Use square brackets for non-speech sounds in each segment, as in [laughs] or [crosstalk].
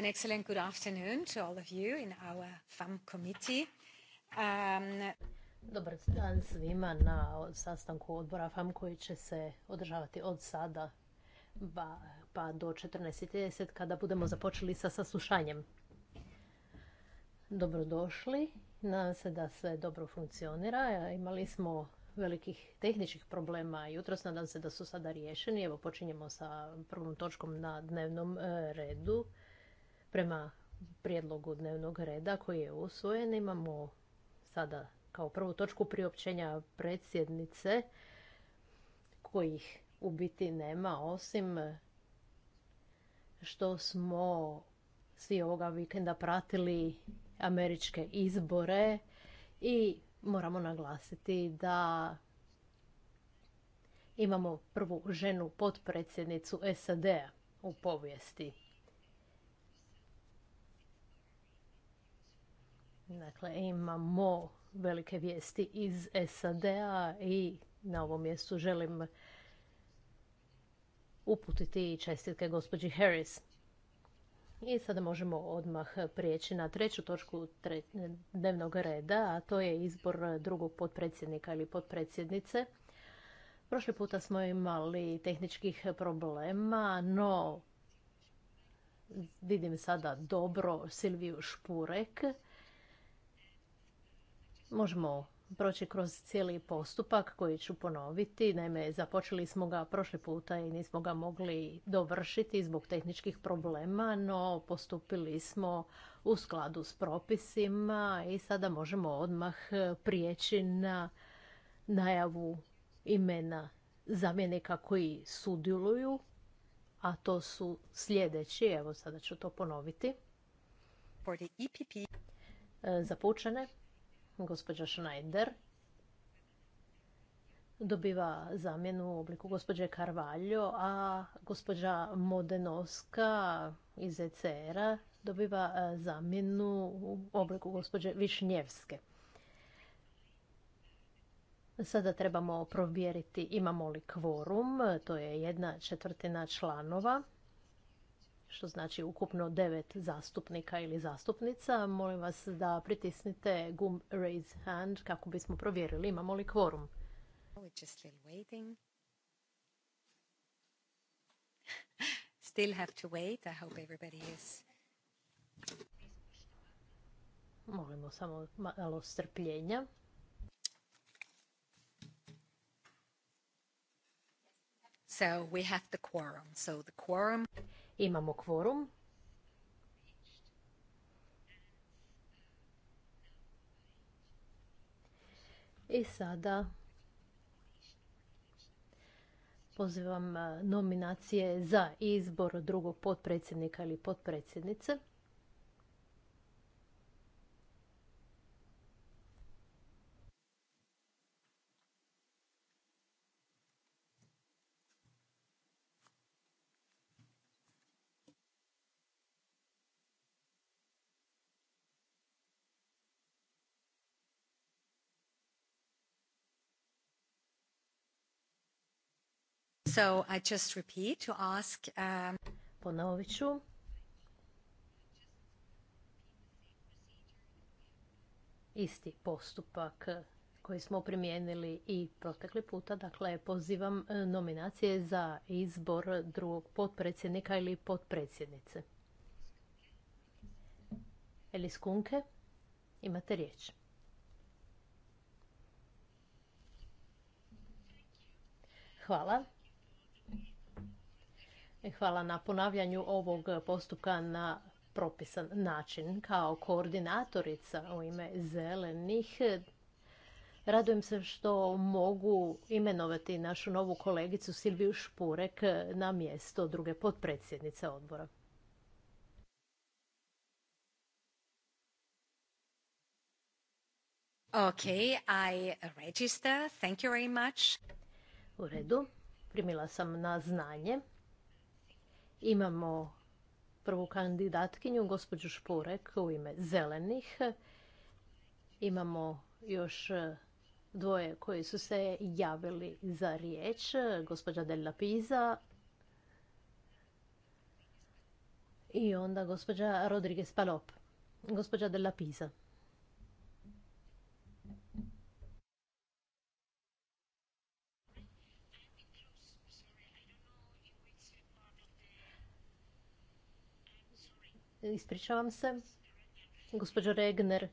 An excellent good afternoon to all of you in our FAM committee. Um, Dobar dan svima na sastanku odbora FAM koji će se održavati od sada pa do 14.30 kada budemo započeli sa saslušanjem. Dobrodošli. Nadam se da sve dobro funkcionira. Imali smo velikih tehničkih problema jutros. Nadam se da su sada riješeni. Evo počinjemo sa prvom točkom na dnevnom e, redu. Prema prijedlogu dnevnog reda koji je usvojen imamo sada kao prvu točku priopćenja predsjednice kojih u biti nema osim što smo svi ovoga vikenda pratili američke izbore i moramo naglasiti da imamo prvu ženu potpredsjednicu SAD-a u povijesti. Dakle, imamo velike vijesti iz SAD-a i na ovom mjestu želim uputiti čestitke gospođi Harris. I sada možemo odmah prijeći na treću točku dnevnog reda, a to je izbor drugog potpredsjednika ili potpredsjednice. Prošli puta smo imali tehničkih problema, no vidim sada dobro Silviju Špurek možemo proći kroz cijeli postupak koji ću ponoviti. Naime, započeli smo ga prošli puta i nismo ga mogli dovršiti zbog tehničkih problema, no postupili smo u skladu s propisima i sada možemo odmah prijeći na najavu imena zamjenika koji sudjeluju, a to su sljedeći, evo sada ću to ponoviti. E e, Za pučane, Gospođa Schneider dobiva zamjenu u obliku gospođe Carvalho, a gospođa Modenoska iz ECR-a dobiva e, zamjenu u obliku gospođe Višnjevske. Sada trebamo provjeriti imamo li kvorum, to je jedna četvrtina članova što znači ukupno devet zastupnika ili zastupnica. Molim vas da pritisnite gumb Raise Hand kako bismo provjerili imamo li kvorum. [laughs] Still have wait. Molimo samo malo strpljenja. So we have the quorum. So the quorum Imamo kvorum. I sada pozivam eh, nominacije za izbor drugog potpredsjednika ili potpredsjednice. ask... Um, Ponovit ću. Isti postupak koji smo primijenili i protekli puta. Dakle, pozivam e, nominacije za izbor drugog potpredsjednika ili potpredsjednice. Elis Kunke, imate riječ. Hvala. E, hvala na ponavljanju ovog postupka na propisan način. Kao koordinatorica u ime zelenih Radujem se što mogu imenovati našu novu kolegicu Silviju Špurek na mjesto druge potpredsjednice odbora. I register. Thank you very much. U redu. Primila sam na znanje. Imamo prvu kandidatkinju, gospođu Špurek u ime zelenih. Imamo još e, dvoje koji su se javili za riječ, gospođa Della Pisa i onda gospođa Rodriguez Palop. Gospođa Della Pisa. Ispričavam se. Gospođo Regner.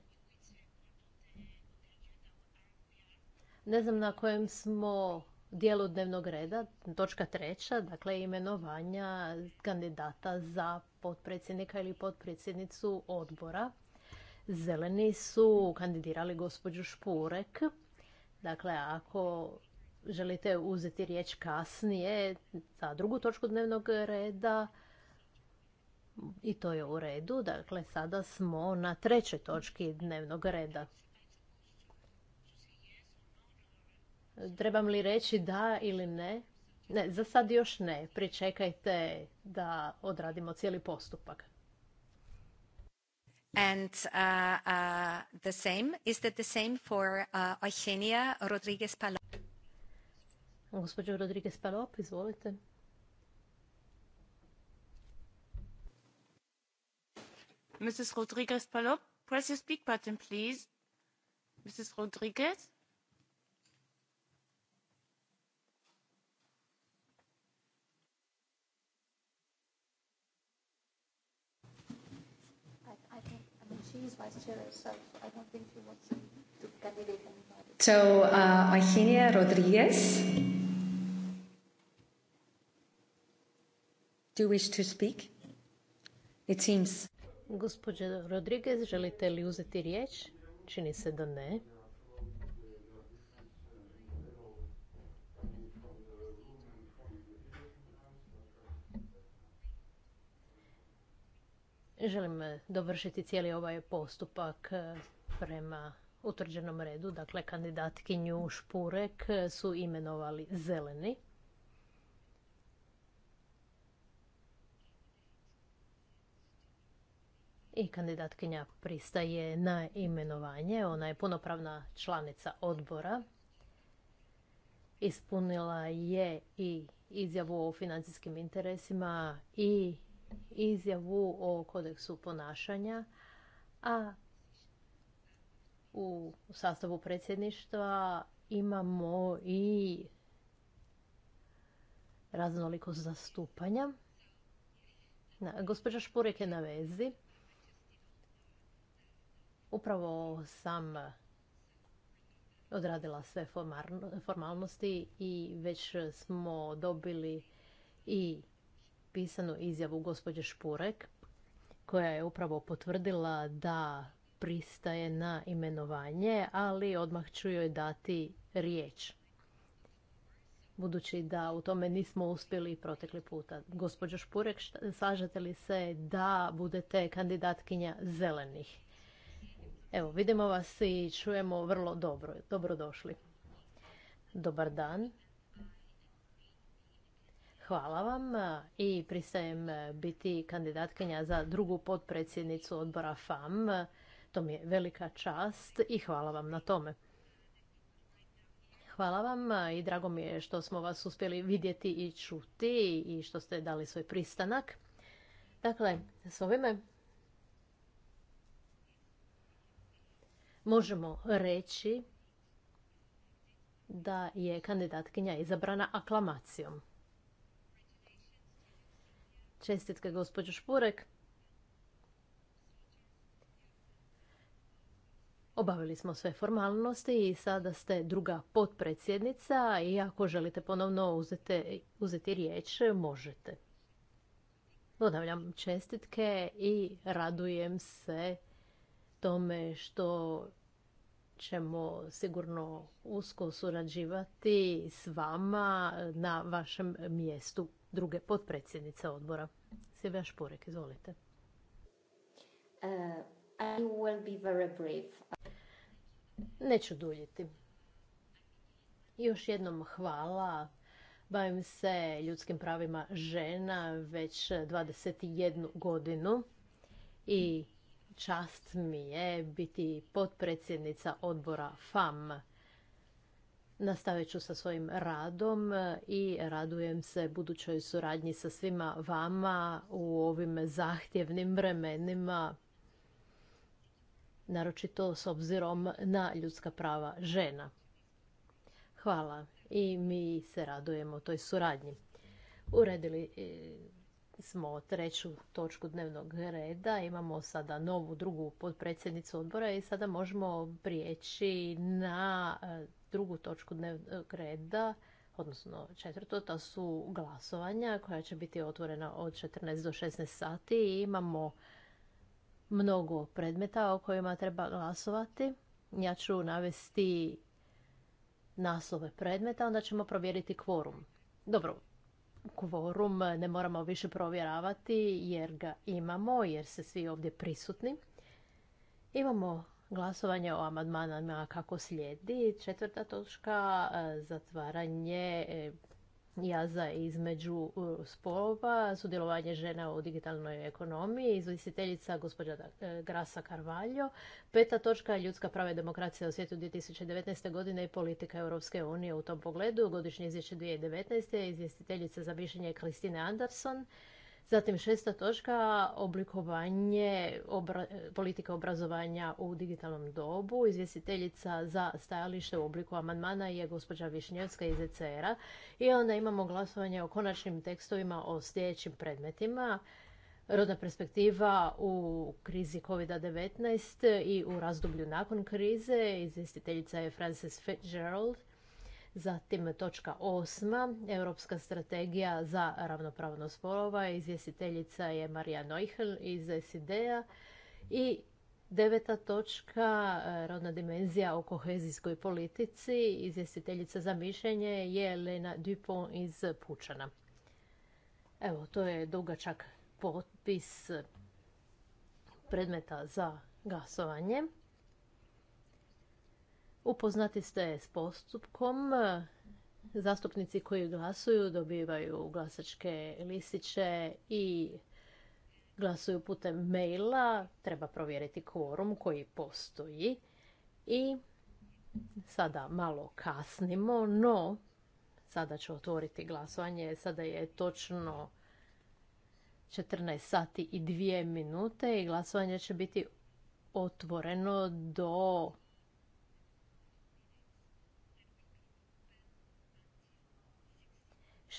Ne znam na kojem smo dijelu dnevnog reda, točka treća, dakle imenovanja kandidata za potpredsjednika ili potpredsjednicu odbora. Zeleni su kandidirali gospođu Špurek. Dakle, ako želite uzeti riječ kasnije za drugu točku dnevnog reda, i to je u redu. Dakle, sada smo na trećoj točki dnevnog reda. Trebam li reći da ili ne? Ne, za sad još ne. Pričekajte da odradimo cijeli postupak. And uh, uh, the same, is that the same for uh, Eugenia Rodriguez Palop? Rodriguez Palop, izvolite. Mrs. Rodriguez Palop, press your speak button, please. Mrs. Rodriguez? I, I think, I mean, she is vice chair herself, so I don't think she wants to, to candidate anybody. So, uh, Eugenia Rodriguez? Do you wish to speak? It seems. Gospođo Rodriguez, želite li uzeti riječ? Čini se da ne. Želim dovršiti cijeli ovaj postupak eh, prema utvrđenom redu. Dakle, kandidatkinju Špurek su imenovali zeleni. i kandidatkinja pristaje na imenovanje. Ona je punopravna članica odbora. Ispunila je i izjavu o financijskim interesima i izjavu o kodeksu ponašanja, a u sastavu predsjedništva imamo i raznoliko zastupanja. Gospođa Špurek je na vezi. Upravo sam odradila sve formalnosti i već smo dobili i pisanu izjavu gospođe Špurek koja je upravo potvrdila da pristaje na imenovanje, ali odmah ću joj dati riječ. Budući da u tome nismo uspjeli protekli puta. Gospođo Špurek, slažete li se da budete kandidatkinja zelenih? Evo, vidimo vas i čujemo vrlo dobro. Dobrodošli. Dobar dan. Hvala vam i pristajem biti kandidatkinja za drugu potpredsjednicu odbora FAM. To mi je velika čast i hvala vam na tome. Hvala vam i drago mi je što smo vas uspjeli vidjeti i čuti i što ste dali svoj pristanak. Dakle, s ovime možemo reći da je kandidatkinja izabrana aklamacijom. Čestitke gospođo Špurek. Obavili smo sve formalnosti i sada ste druga potpredsjednica i ako želite ponovno uzeti, riječ, možete. Dodavljam čestitke i radujem se tome što ćemo sigurno usko surađivati s vama na vašem mjestu druge potpredsjednice odbora. Silvija Šporek, izvolite. Uh, Neću duljiti. Još jednom hvala. Bavim se ljudskim pravima žena već 21 godinu i čast mi je biti potpredsjednica odbora FAM. Nastavit ću sa svojim radom i radujem se budućoj suradnji sa svima vama u ovim zahtjevnim vremenima, naročito s obzirom na ljudska prava žena. Hvala i mi se radujemo toj suradnji. Uredili smo treću točku dnevnog reda. Imamo sada novu drugu podpredsjednicu odbora i sada možemo prijeći na e, drugu točku dnevnog reda, odnosno četvrtu. to su glasovanja koja će biti otvorena od 14 do 16 sati i imamo mnogo predmeta o kojima treba glasovati. Ja ću navesti naslove predmeta, onda ćemo provjeriti kvorum. Dobro, kvorum ne moramo više provjeravati jer ga imamo, jer se svi ovdje prisutni. Imamo glasovanje o amadmanama kako slijedi. Četvrta točka, e, zatvaranje e, jaza između spolova, sudjelovanje žena u digitalnoj ekonomiji, izvjestiteljica gospođa e, Grasa Carvalho, peta točka ljudska prava i demokracija u svijetu 2019. godine i politika Europske unije u tom pogledu, godišnje izvješće 2019. izvjestiteljica za mišljenje Kristine Anderson, Zatim šesta točka, oblikovanje obra politike obrazovanja u digitalnom dobu. Izvjestiteljica za stajalište u obliku amandmana je gospođa Višnjevska iz ECR-a. I onda imamo glasovanje o konačnim tekstovima o sljedećim predmetima. Rodna perspektiva u krizi COVID-19 i u razdoblju nakon krize. Izvjestiteljica je Frances Fitzgerald. Zatim točka osma, Europska strategija za ravnopravnost spolova, izvjestiteljica je Marija Neuchel iz SID-a i deveta točka, e, rodna dimenzija o kohezijskoj politici, izvjestiteljica za mišljenje je Lena Dupont iz Pučana. Evo, to je dugačak potpis predmeta za glasovanje upoznati ste s postupkom. Zastupnici koji glasuju dobivaju glasačke listiće i glasuju putem maila. Treba provjeriti kvorum koji postoji. I sada malo kasnimo, no sada ću otvoriti glasovanje. Sada je točno 14 sati i 2 minute i glasovanje će biti otvoreno do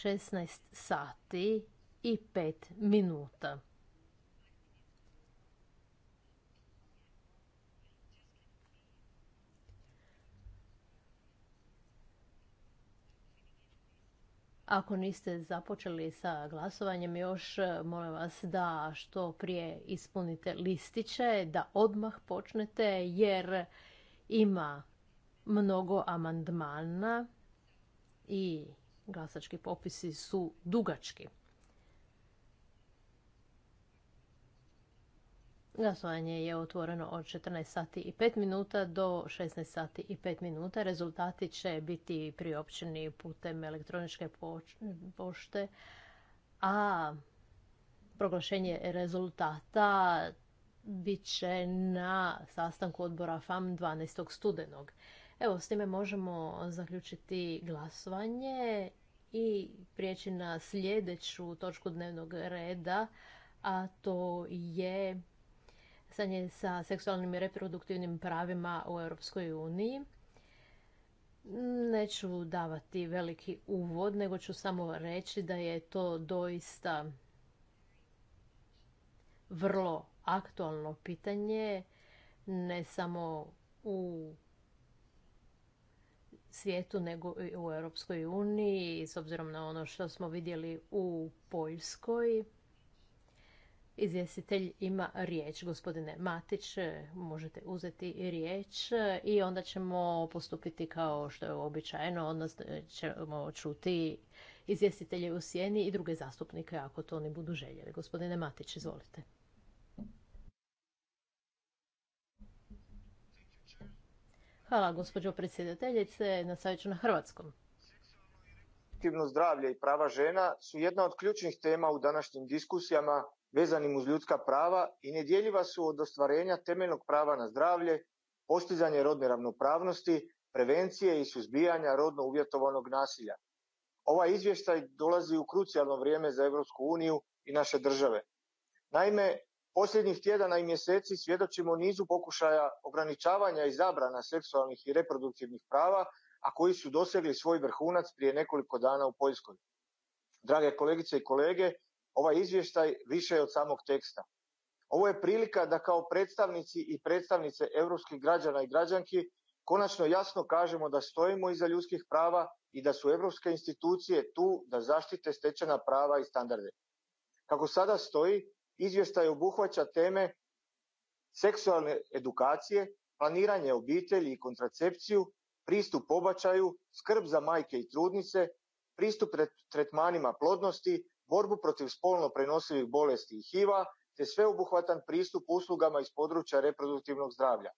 16 sati i 5 minuta. Ako niste započeli sa glasovanjem još, molim vas da što prije ispunite listiće, da odmah počnete jer ima mnogo amandmana i glasački popisi su dugački. Glasovanje je otvoreno od 14 sati i 5 minuta do 16 sati i 5 minuta. Rezultati će biti priopćeni putem elektroničke pošte, a proglašenje rezultata bit će na sastanku odbora FAM 12. studenog. Evo, s time možemo zaključiti glasovanje i prijeći na sljedeću točku dnevnog reda, a to je stanje sa seksualnim i reproduktivnim pravima u Europskoj uniji. Neću davati veliki uvod, nego ću samo reći da je to doista vrlo aktualno pitanje, ne samo u svijetu nego i u Europskoj uniji s obzirom na ono što smo vidjeli u Poljskoj. Izvjestitelj ima riječ, gospodine Matić, možete uzeti riječ i onda ćemo postupiti kao što je uobičajeno, odnosno ćemo čuti izvjestitelje u sjeni i druge zastupnike ako to oni budu željeli. Gospodine Matić, izvolite. Hvala, gospođo predsjedateljice. na savjeću na hrvatskom. Aktivno zdravlje i prava žena su jedna od ključnih tema u današnjim diskusijama vezanim uz ljudska prava i nedjeljiva su od ostvarenja temeljnog prava na zdravlje, postizanje rodne ravnopravnosti, prevencije i suzbijanja rodno uvjetovanog nasilja. Ovaj izvještaj dolazi u krucijalno vrijeme za Europsku uniju i naše države. Naime, Posljednjih tjedana i mjeseci svjedočimo nizu pokušaja ograničavanja i zabrana seksualnih i reproduktivnih prava, a koji su dosegli svoj vrhunac prije nekoliko dana u Poljskoj. Drage kolegice i kolege, ovaj izvještaj više je od samog teksta. Ovo je prilika da kao predstavnici i predstavnice europskih građana i građanki konačno jasno kažemo da stojimo iza ljudskih prava i da su europske institucije tu da zaštite stečena prava i standarde. Kako sada stoji, Izvještaj obuhvaća teme seksualne edukacije, planiranje obitelji i kontracepciju, pristup pobačaju, skrb za majke i trudnice, pristup tretmanima plodnosti, borbu protiv spolno prenosivih bolesti i HIV-a, te sveobuhvatan pristup uslugama iz područja reproduktivnog zdravlja.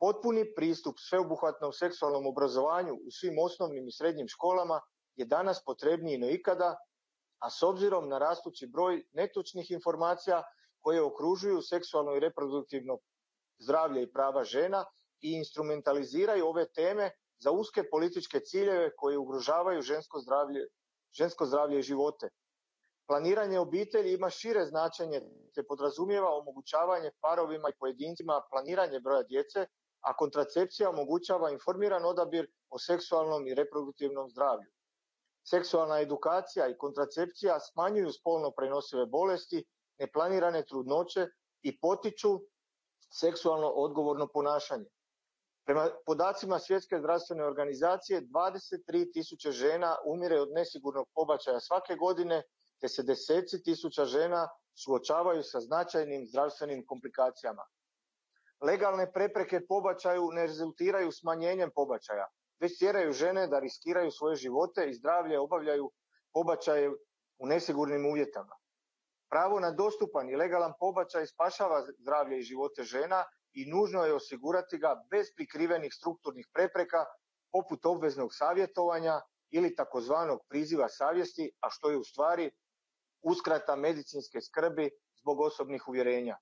Potpuni pristup sveobuhvatnom seksualnom obrazovanju u svim osnovnim i srednjim školama je danas potrebniji no ikada a s obzirom na rastući broj netočnih informacija koje okružuju seksualno i reproduktivno zdravlje i prava žena i instrumentaliziraju ove teme za uske političke ciljeve koji ugrožavaju žensko zdravlje, žensko zdravlje i živote. Planiranje obitelji ima šire značenje te podrazumijeva omogućavanje parovima i pojedincima planiranje broja djece, a kontracepcija omogućava informiran odabir o seksualnom i reproduktivnom zdravlju seksualna edukacija i kontracepcija smanjuju spolno prenosive bolesti, neplanirane trudnoće i potiču seksualno odgovorno ponašanje. Prema podacima Svjetske zdravstvene organizacije, 23 tisuće žena umire od nesigurnog pobačaja svake godine, te se deseci tisuća žena suočavaju sa značajnim zdravstvenim komplikacijama. Legalne prepreke pobačaju ne rezultiraju smanjenjem pobačaja, već tjeraju žene da riskiraju svoje živote i zdravlje, obavljaju pobačaje u nesigurnim uvjetama. Pravo na dostupan i legalan pobačaj spašava zdravlje i živote žena i nužno je osigurati ga bez prikrivenih strukturnih prepreka poput obveznog savjetovanja ili takozvanog priziva savjesti, a što je u stvari uskrata medicinske skrbi zbog osobnih uvjerenja.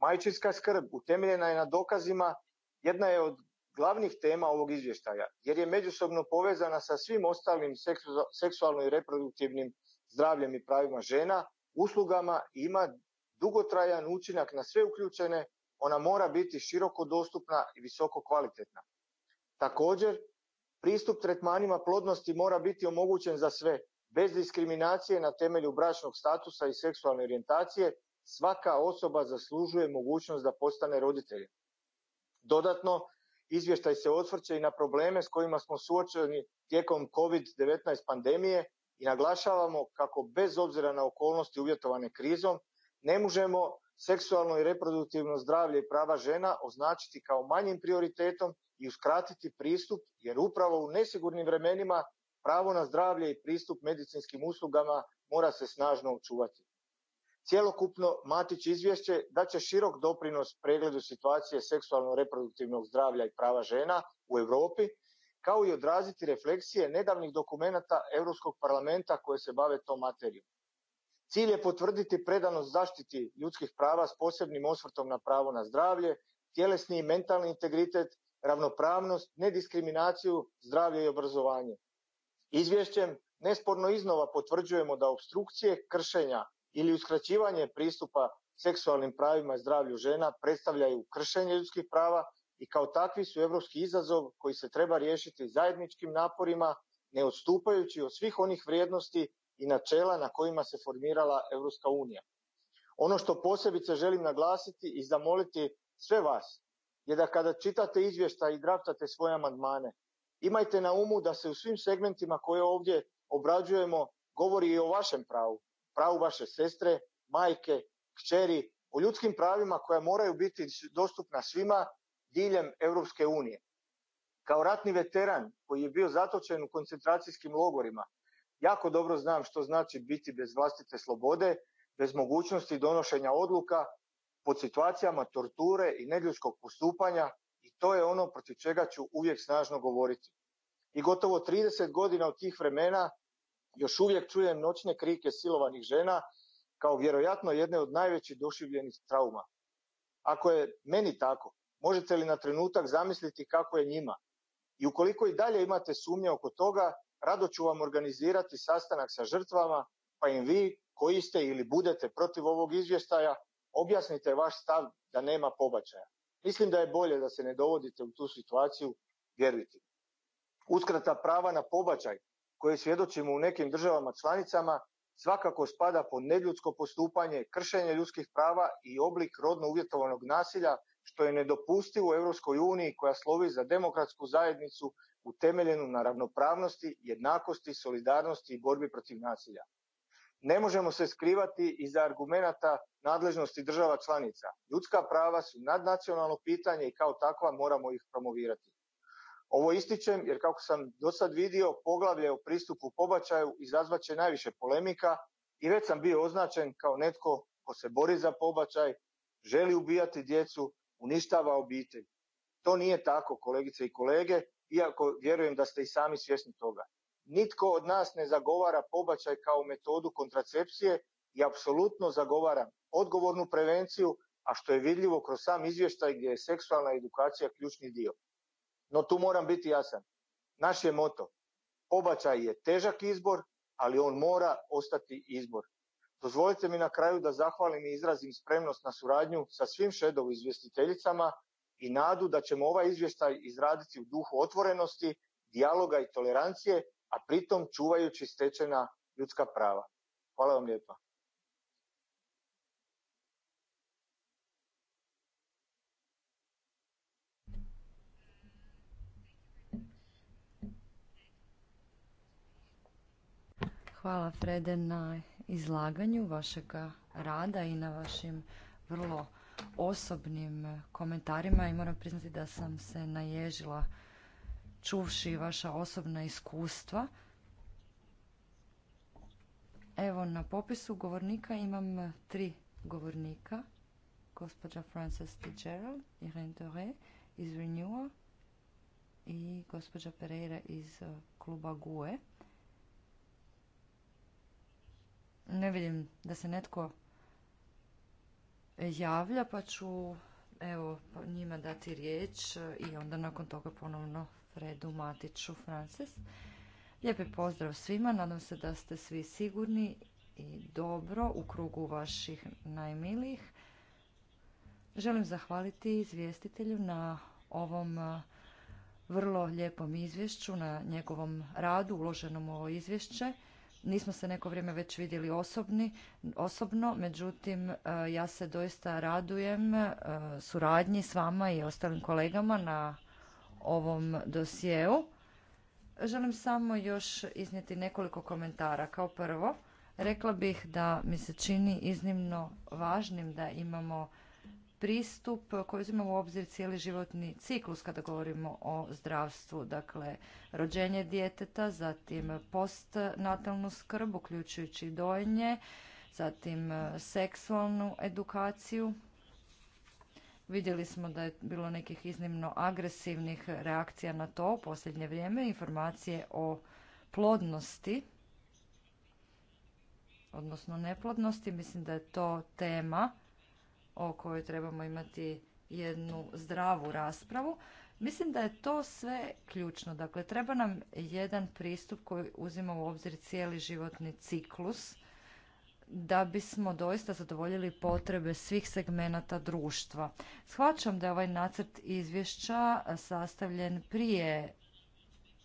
Majčinska skrb utemeljena je na dokazima, jedna je od glavnih tema ovog izvještaja, jer je međusobno povezana sa svim ostalim seksualno i reproduktivnim zdravljem i pravima žena, uslugama i ima dugotrajan učinak na sve uključene, ona mora biti široko dostupna i visoko kvalitetna. Također, pristup tretmanima plodnosti mora biti omogućen za sve, bez diskriminacije na temelju bračnog statusa i seksualne orijentacije, svaka osoba zaslužuje mogućnost da postane roditelj. Dodatno, izvještaj se osvrće i na probleme s kojima smo suočeni tijekom COVID-19 pandemije i naglašavamo kako bez obzira na okolnosti uvjetovane krizom ne možemo seksualno i reproduktivno zdravlje i prava žena označiti kao manjim prioritetom i uskratiti pristup jer upravo u nesigurnim vremenima pravo na zdravlje i pristup medicinskim uslugama mora se snažno očuvati. Cjelokupno Matić izvješće će širok doprinos pregledu situacije seksualno-reproduktivnog zdravlja i prava žena u Europi, kao i odraziti refleksije nedavnih dokumenata Europskog parlamenta koje se bave tom materijom. Cilj je potvrditi predanost zaštiti ljudskih prava s posebnim osvrtom na pravo na zdravlje, tjelesni i mentalni integritet, ravnopravnost, nediskriminaciju, zdravlje i obrazovanje. Izvješćem nesporno iznova potvrđujemo da obstrukcije, kršenja ili uskraćivanje pristupa seksualnim pravima i zdravlju žena predstavljaju kršenje ljudskih prava i kao takvi su europski izazov koji se treba riješiti zajedničkim naporima ne odstupajući od svih onih vrijednosti i načela na kojima se formirala Europska unija. Ono što posebice želim naglasiti i zamoliti sve vas je da kada čitate izvješta i draftate svoje amandmane, imajte na umu da se u svim segmentima koje ovdje obrađujemo govori i o vašem pravu, pravu vaše sestre, majke, kćeri, o ljudskim pravima koja moraju biti dostupna svima diljem Europske unije. Kao ratni veteran koji je bio zatočen u koncentracijskim logorima, jako dobro znam što znači biti bez vlastite slobode, bez mogućnosti donošenja odluka, pod situacijama torture i neljudskog postupanja i to je ono protiv čega ću uvijek snažno govoriti. I gotovo 30 godina od tih vremena još uvijek čujem noćne krike silovanih žena kao vjerojatno jedne od najvećih došivljenih trauma. Ako je meni tako, možete li na trenutak zamisliti kako je njima? I ukoliko i dalje imate sumnje oko toga, rado ću vam organizirati sastanak sa žrtvama, pa im vi koji ste ili budete protiv ovog izvještaja, objasnite vaš stav da nema pobačaja. Mislim da je bolje da se ne dovodite u tu situaciju, vjerujte. Uskrata prava na pobačaj koje svjedočimo u nekim državama članicama svakako spada pod neljudsko postupanje, kršenje ljudskih prava i oblik rodno uvjetovanog nasilja što je nedopustivo u Europskoj uniji koja slovi za demokratsku zajednicu utemeljenu na ravnopravnosti, jednakosti, solidarnosti i borbi protiv nasilja. Ne možemo se skrivati iza argumenata nadležnosti država članica. Ljudska prava su nadnacionalno pitanje i kao takva moramo ih promovirati. Ovo ističem jer kako sam do sad vidio poglavlje o pristupu pobačaju izazvat će najviše polemika i već sam bio označen kao netko ko se bori za pobačaj, želi ubijati djecu, uništava obitelj. To nije tako, kolegice i kolege, iako vjerujem da ste i sami svjesni toga. Nitko od nas ne zagovara pobačaj kao metodu kontracepcije i apsolutno zagovaram odgovornu prevenciju, a što je vidljivo kroz sam izvještaj gdje je seksualna edukacija ključni dio. No tu moram biti jasan. Naš je moto. Pobačaj je težak izbor, ali on mora ostati izbor. Dozvolite mi na kraju da zahvalim i izrazim spremnost na suradnju sa svim šedov izvjestiteljicama i nadu da ćemo ovaj izvještaj izraditi u duhu otvorenosti, dijaloga i tolerancije, a pritom čuvajući stečena ljudska prava. Hvala vam lijepa. Hvala Frede na izlaganju vašega rada i na vašim vrlo osobnim komentarima i moram priznati da sam se naježila čuvši vaša osobna iskustva. Evo, na popisu govornika imam tri govornika. Gospođa Frances T. Gerald, Irene Doré iz Renewa i gospođa Pereira iz eh, kluba GUE. Ne vidim da se netko javlja, pa ću evo pa njima dati riječ e, i onda nakon toga ponovno Fredu Matiću Frances. Lijepi pozdrav svima, nadam se da ste svi sigurni i dobro u krugu vaših najmilijih. Želim zahvaliti izvjestitelju na ovom e, vrlo lijepom izvješću, na njegovom radu uloženom u ovo izvješće. Nismo se neko vrijeme već vidjeli osobni, osobno, međutim e, ja se doista radujem e, suradnji s vama i ostalim kolegama na ovom dosjeu. Želim samo još iznijeti nekoliko komentara. Kao prvo, rekla bih da mi se čini iznimno važnim da imamo pristup koji uzima u obzir cijeli životni ciklus kada govorimo o zdravstvu, dakle rođenje djeteta, zatim postnatalnu skrb uključujući dojenje, zatim e, seksualnu edukaciju. Vidjeli smo da je bilo nekih iznimno agresivnih reakcija na to u posljednje vrijeme, informacije o plodnosti odnosno neplodnosti, mislim da je to tema o kojoj trebamo imati jednu zdravu raspravu. Mislim da je to sve ključno. Dakle, treba nam jedan pristup koji uzima u obzir cijeli životni ciklus da bismo doista zadovoljili potrebe svih segmenata društva. Shvaćam da je ovaj nacrt izvješća sastavljen prije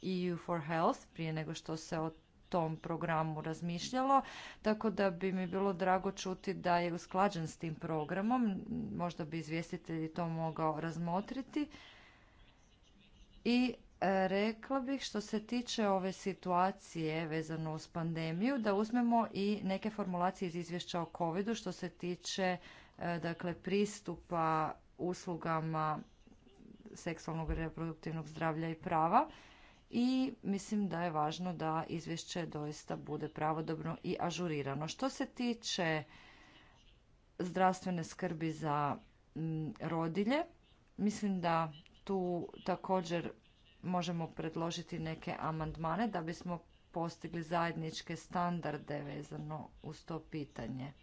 EU for Health, prije nego što se o tom programu razmišljalo, tako da bi mi bilo drago čuti da je usklađen s tim programom, možda bi izvjestitelj to mogao razmotriti. I e, rekla bih što se tiče ove situacije vezano uz pandemiju da uzmemo i neke formulacije iz izvješća o covidu što se tiče e, dakle pristupa uslugama seksualnog reproduktivnog zdravlja i prava i mislim da je važno da izvješće doista bude pravodobno i ažurirano. Što se tiče zdravstvene skrbi za mm, rodilje, mislim da tu također možemo predložiti neke amandmane da bismo postigli zajedničke standarde vezano uz to pitanje.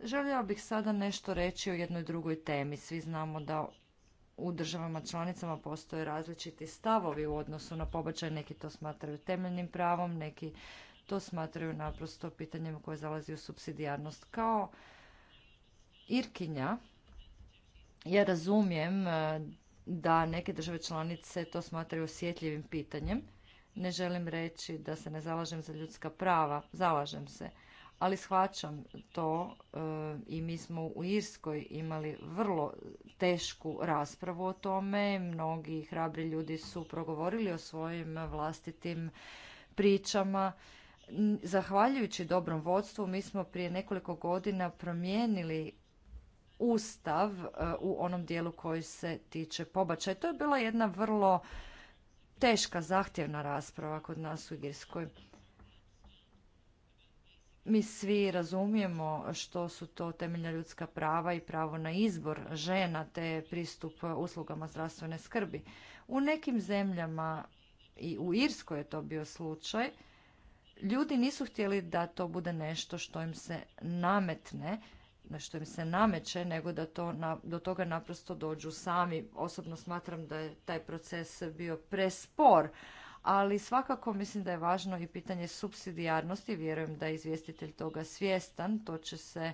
Željela bih sada nešto reći o jednoj drugoj temi. Svi znamo da u državama članicama postoje različiti stavovi u odnosu na pobačaj. Neki to smatraju temeljnim pravom, neki to smatraju naprosto pitanjem koje zalazi u subsidijarnost. Kao Irkinja, ja razumijem e, da neke države članice to smatraju osjetljivim pitanjem. Ne želim reći da se ne zalažem za ljudska prava, zalažem se ali shvaćam to e, i mi smo u Irskoj imali vrlo tešku raspravu o tome. Mnogi hrabri ljudi su progovorili o svojim vlastitim pričama. Zahvaljujući dobrom vodstvu mi smo prije nekoliko godina promijenili ustav e, u onom dijelu koji se tiče pobačaja. To je bila jedna vrlo teška, zahtjevna rasprava kod nas u Irskoj mi svi razumijemo što su to temeljna ljudska prava i pravo na izbor žena te pristup uslugama zdravstvene skrbi. U nekim zemljama i u Irskoj je to bio slučaj, ljudi nisu htjeli da to bude nešto što im se nametne, što im se nameće, nego da to do toga naprosto dođu sami. Osobno smatram da je taj proces bio prespor, ali svakako mislim da je važno i pitanje subsidijarnosti. Vjerujem da je izvjestitelj toga svjestan. To će se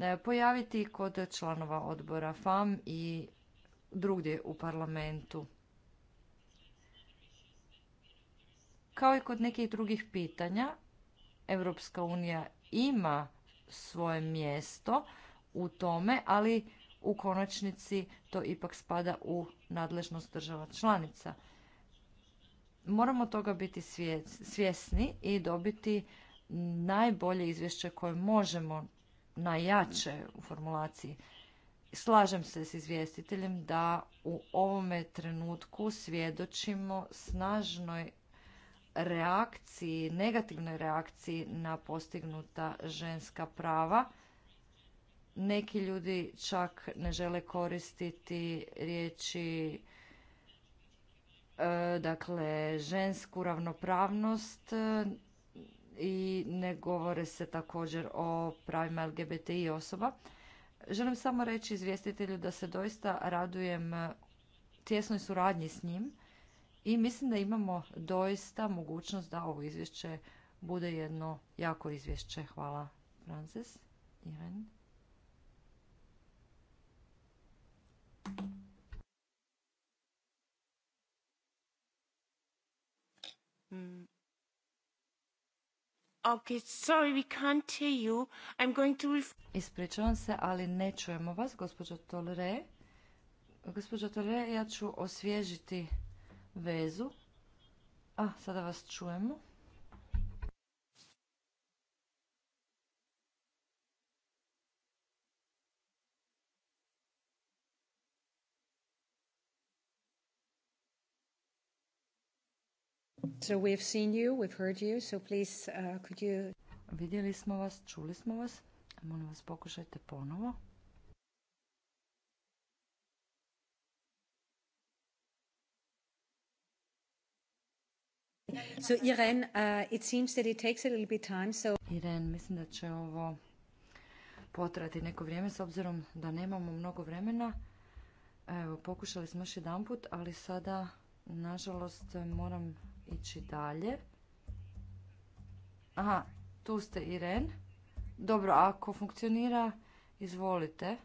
e, pojaviti kod članova odbora FAM i drugdje u parlamentu. Kao i kod nekih drugih pitanja, Europska unija ima svoje mjesto u tome, ali u konačnici to ipak spada u nadležnost država članica. Moramo toga biti svjesni i dobiti najbolje izvješće koje možemo najjače u formulaciji. Slažem se s izvjestiteljem da u ovome trenutku svjedočimo snažnoj reakciji, negativnoj reakciji na postignuta ženska prava. Neki ljudi čak ne žele koristiti riječi E, dakle žensku ravnopravnost e, i ne govore se također o pravima LGBTI osoba. Želim samo reći izvjestitelju da se doista radujem e, tjesnoj suradnji s njim i mislim da imamo doista mogućnost da ovo izvješće bude jedno jako izvješće. Hvala, Frances. Mm. Okay, sorry, we can't you. I'm going to... Ispričavam se, ali ne čujemo vas, gospođo Tolre. Gospođo Tolre, ja ću osvježiti vezu. A, sada vas čujemo. So we've seen you, we've heard you, so please uh, could you... Vidjeli smo vas, čuli smo vas. Molim vas pokušajte ponovo. So Irene, uh, it seems that it takes a little bit time, so... Irene, mislim da će ovo potrati neko vrijeme s obzirom da nemamo mnogo vremena. Evo, pokušali smo još jedan put, ali sada, nažalost, moram ići dalje. Aha, tu ste Iren. Dobro, ako funkcionira, izvolite.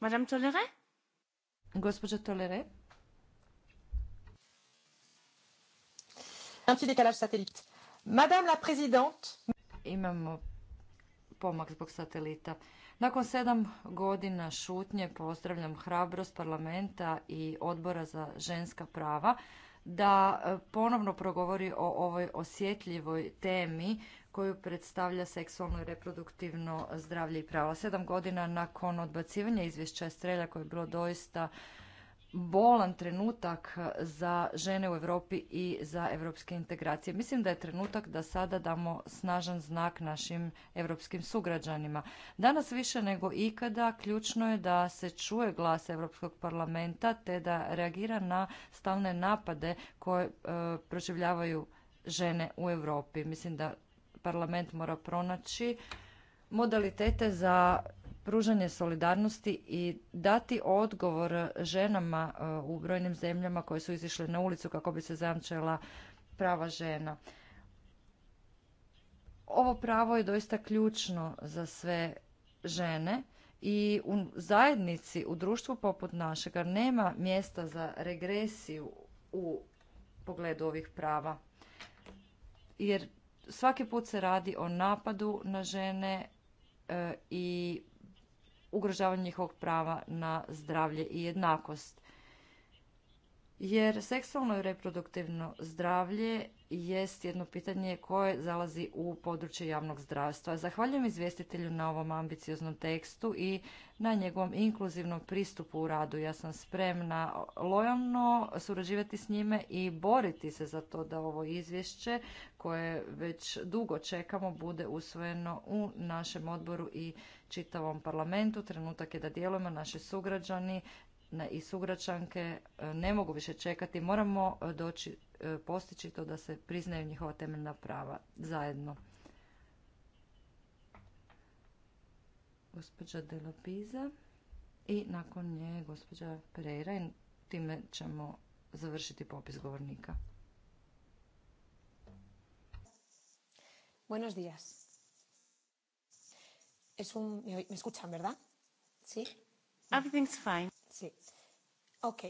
Madame Toleré? Gospođa Toleré. Un petit décalage satellite. Madame la présidente. Imamo pomak zbog satelita. Nakon sedam godina šutnje pozdravljam hrabrost parlamenta i odbora za ženska prava da e, ponovno progovori o ovoj osjetljivoj temi koju predstavlja seksualno i reproduktivno zdravlje i prava. Sedam godina nakon odbacivanja izvješća strelja koje je bilo doista bolan trenutak za žene u Europi i za europske integracije. Mislim da je trenutak da sada damo snažan znak našim europskim sugrađanima. Danas više nego ikada ključno je da se čuje glas Europskog parlamenta te da reagira na stalne napade koje e, proživljavaju žene u Europi. Mislim da parlament mora pronaći modalitete za pružanje solidarnosti i dati odgovor ženama uh, u brojnim zemljama koje su izišle na ulicu kako bi se zamčela prava žena. Ovo pravo je doista ključno za sve žene i u zajednici, u društvu poput našega nema mjesta za regresiju u pogledu ovih prava. Jer svaki put se radi o napadu na žene uh, i ugrožavanje njihovog prava na zdravlje i jednakost jer seksualno i reproduktivno zdravlje jest jedno pitanje koje zalazi u područje javnog zdravstva. Zahvaljujem izvjestitelju na ovom ambicioznom tekstu i na njegovom inkluzivnom pristupu u radu. Ja sam spremna lojalno surađivati s njime i boriti se za to da ovo izvješće koje već dugo čekamo bude usvojeno u našem odboru i čitavom parlamentu. Trenutak je da djelujemo, naši sugrađani i sugračanke e, ne mogu više čekati. Moramo e, doći, e, postići to da se priznaju njihova temeljna prava zajedno. Gospođa Delapiza i nakon nje gospođa Pereira i time ćemo završiti popis govornika. Buenos días. Es un... Me escuchan, ¿verdad? Sí. Everything's fine. Si. Ok.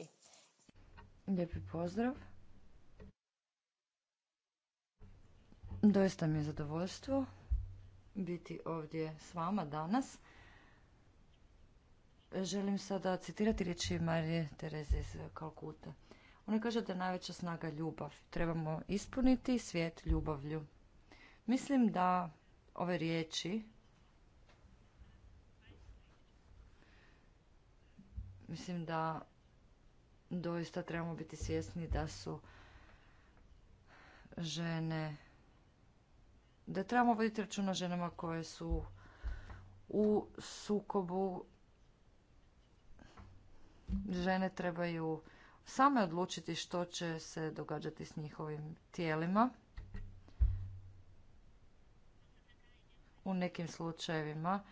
Lijepi pozdrav. Doista mi je zadovoljstvo biti ovdje s vama danas. Želim sada citirati riječi Marije Tereze iz Kalkuta. Ona kaže da je najveća snaga ljubav. Trebamo ispuniti svijet ljubavlju. Mislim da ove riječi Mislim da doista trebamo biti svjesni da su žene da trebamo voditi računa ženama koje su u sukobu žene trebaju same odlučiti što će se događati s njihovim tijelima. U nekim slučajevima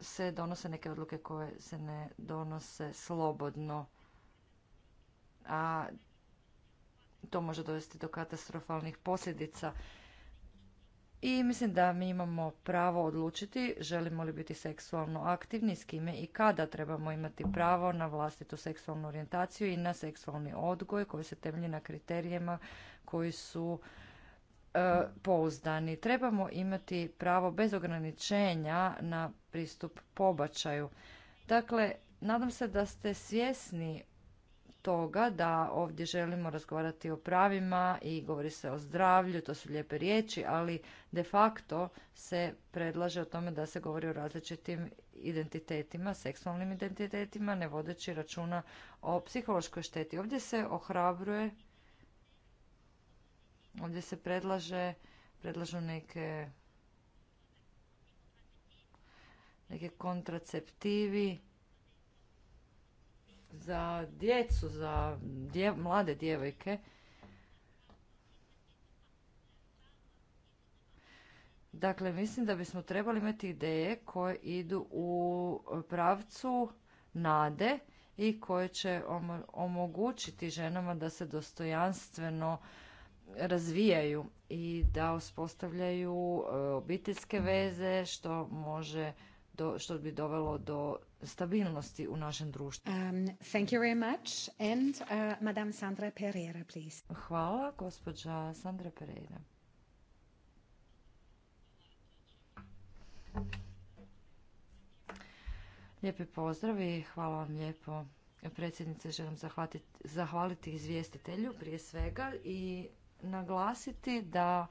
se donose neke odluke koje se ne donose slobodno, a to može dovesti do katastrofalnih posljedica. I mislim da mi imamo pravo odlučiti želimo li biti seksualno aktivni, s kime i kada trebamo imati pravo na vlastitu seksualnu orijentaciju i na seksualni odgoj koji se temelji na kriterijima koji su E, pouzdani. Trebamo imati pravo bez ograničenja na pristup pobačaju. Dakle, nadam se da ste svjesni toga da ovdje želimo razgovarati o pravima i govori se o zdravlju, to su lijepe riječi, ali de facto se predlaže o tome da se govori o različitim identitetima, seksualnim identitetima, ne vodeći računa o psihološkoj šteti. Ovdje se ohrabruje Ovdje se predlaže, predlažu neke neke kontraceptivi za djecu, za mlade djevojke. Dakle, mislim da bismo trebali imati ideje koje idu u pravcu nade i koje će omogućiti ženama da se dostojanstveno razvijaju i da uspostavljaju e, obiteljske veze što može do, što bi dovelo do stabilnosti u našem društvu. Um, thank you very much. And uh, Madame Sandra Pereira, please. Hvala, gospođa Sandra Pereira. Lijepi pozdrav i hvala vam lijepo. Predsjednice, želim zahvaliti, zahvaliti izvjestitelju prije svega i naglasiti da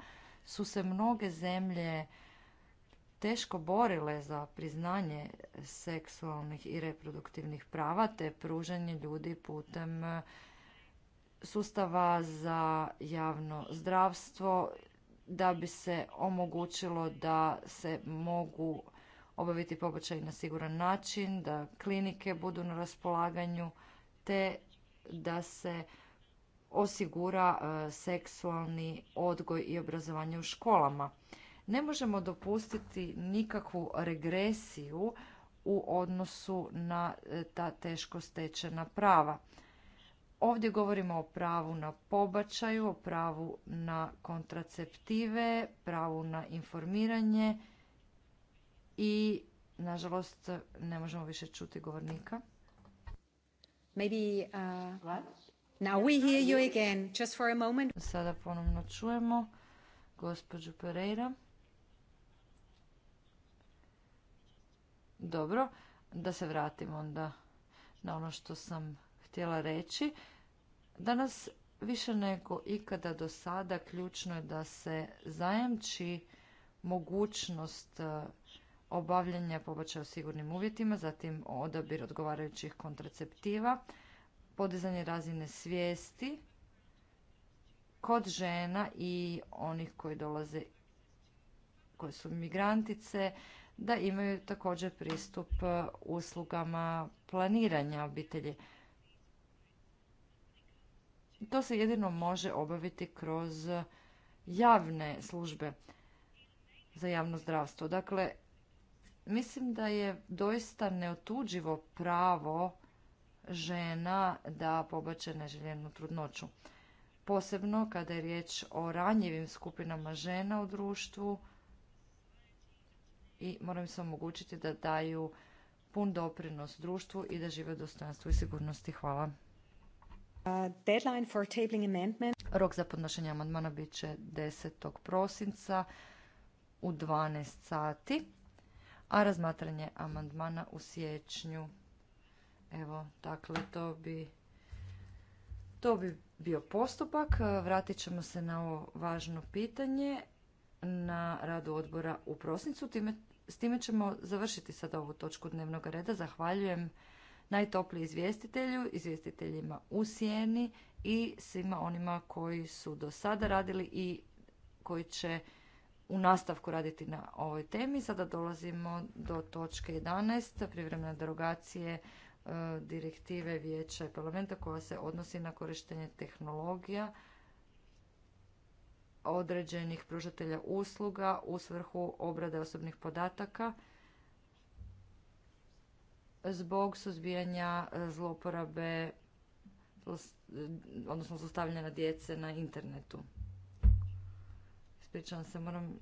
su se mnoge zemlje teško borile za priznanje seksualnih i reproduktivnih prava te pružanje ljudi putem eh, sustava za javno zdravstvo da bi se omogućilo da se mogu obaviti pobačaj na siguran način, da klinike budu na raspolaganju te da se osigura e, seksualni odgoj i obrazovanje u školama. Ne možemo dopustiti nikakvu regresiju u odnosu na e, ta teško stečena prava. Ovdje govorimo o pravu na pobačaju, o pravu na kontraceptive, pravu na informiranje i, nažalost, ne možemo više čuti govornika. Maybe, uh, What? Sada ponovno čujemo gospođu Pereira. Dobro, da se vratim onda na ono što sam htjela reći. Danas više nego ikada do sada ključno je da se zajamči mogućnost e, obavljanja pobačaja u sigurnim uvjetima, zatim odabir odgovarajućih kontraceptiva, podizanje razine svijesti kod žena i onih koji dolaze koje su migrantice da imaju također pristup e, uslugama planiranja obitelji. To se jedino može obaviti kroz javne službe za javno zdravstvo. Dakle, mislim da je doista neotuđivo pravo žena da pobače neželjenu trudnoću. Posebno kada je riječ o ranjivim skupinama žena u društvu i moram se omogućiti da daju pun doprinos društvu i da žive dostojanstvu i sigurnosti. Hvala. Uh, Rok za podnošenje amandmana bit će 10. prosinca u 12 sati, a razmatranje amandmana u siječnju Evo, dakle, to bi, to bi bio postupak. Vratit ćemo se na ovo važno pitanje na radu odbora u prosincu. Time, s time ćemo završiti sada ovu točku dnevnog reda. Zahvaljujem najtopliji izvjestitelju, izvjestiteljima u sjeni i svima onima koji su do sada radili i koji će u nastavku raditi na ovoj temi. Sada dolazimo do točke 11. privremene derogacije E, direktive vijeća i parlamenta koja se odnosi na korištenje tehnologija određenih pružatelja usluga u svrhu obrade osobnih podataka zbog suzbijanja e, zloporabe odnosno zlostavljanja djece na internetu. Ispričavam se, moram e,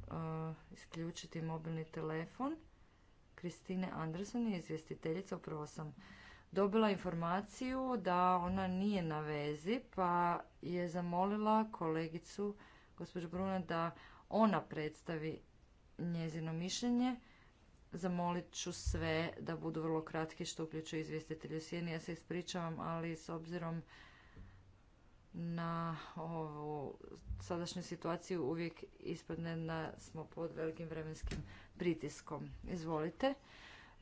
isključiti mobilni telefon. Kristine Anderson je izvjestiteljica, upravo sam dobila informaciju da ona nije na vezi, pa je zamolila kolegicu, gospođu Bruna, da ona predstavi njezino mišljenje. Zamolit ću sve da budu vrlo kratki što uključuje izvjestitelju Sjeni. Ja se ispričavam, ali s obzirom na ovu sadašnju situaciju uvijek da smo pod velikim vremenskim pritiskom. Izvolite.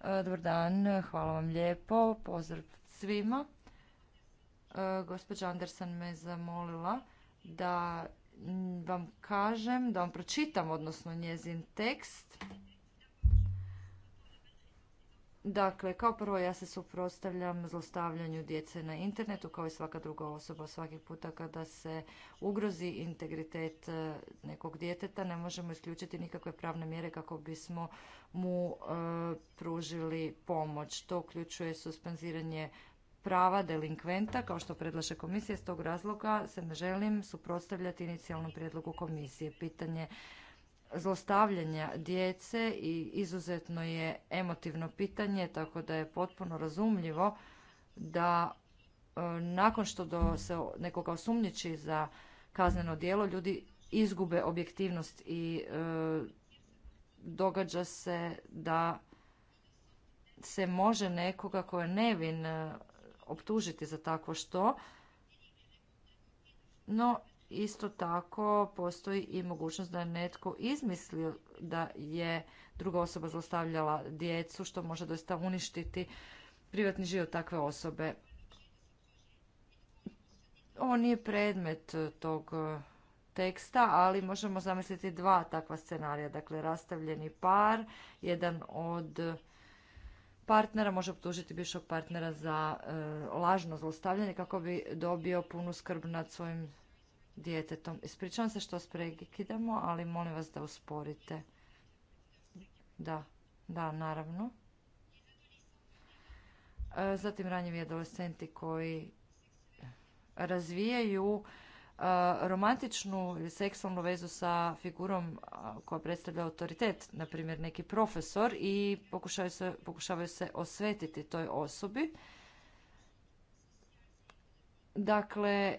E, dobar dan, hvala vam lijepo, pozdrav svima. E, gospođa Anderson me zamolila da vam kažem, da vam pročitam, odnosno njezin tekst. Dakle, kao prvo ja se suprotstavljam zlostavljanju djece na internetu kao i svaka druga osoba. Svaki puta kada se ugrozi integritet e, nekog djeteta ne možemo isključiti nikakve pravne mjere kako bismo mu e, pružili pomoć. To uključuje suspenziranje prava delinkventa kao što predlaže komisija. S tog razloga se ne želim suprotstavljati inicijalnom prijedlogu komisije. Pitanje zlostavljanja djece i izuzetno je emotivno pitanje, tako da je potpuno razumljivo da e, nakon što do se nekoga osumnjiči za kazneno djelo, ljudi izgube objektivnost i e, događa se da se može nekoga ko je nevin e, optužiti za takvo što, no isto tako postoji i mogućnost da je netko izmislio da je druga osoba zlostavljala djecu što može doista uništiti privatni život takve osobe. Ovo nije predmet tog teksta, ali možemo zamisliti dva takva scenarija. Dakle, rastavljeni par, jedan od partnera može optužiti bivšeg partnera za e, lažno zlostavljanje kako bi dobio punu skrb nad svojim djetetom. Ispričavam se što s prekidamo, ali molim vas da usporite. Da, da, naravno. E, zatim ranjivi adolescenti koji razvijaju e, romantičnu ili seksualnu vezu sa figurom koja predstavlja autoritet, na primjer neki profesor i pokušavaju se osvetiti toj osobi. Dakle,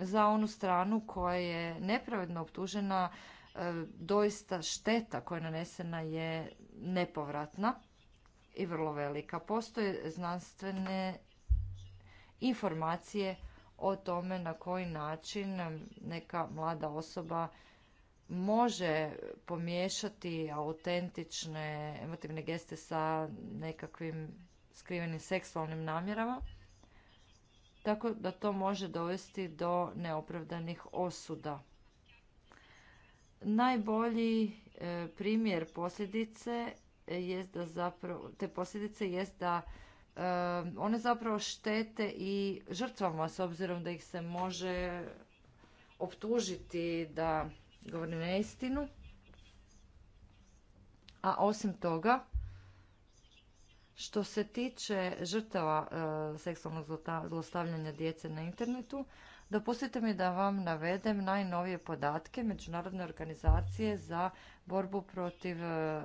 za onu stranu koja je nepravedno optužena e, doista šteta koja je nanesena je nepovratna i vrlo velika. Postoje znanstvene informacije o tome na koji način neka mlada osoba može pomiješati autentične emotivne geste sa nekakvim skrivenim seksualnim namjerama tako da to može dovesti do neopravdanih osuda. Najbolji e, primjer posljedice jest da zapravo, te posljedice jest da e, one zapravo štete i žrtvama s obzirom da ih se može optužiti da govori neistinu. A osim toga, što se tiče žrtava e, seksualnog zlostavljanja djece na internetu, dopustite mi da vam navedem najnovije podatke Međunarodne organizacije za borbu protiv e,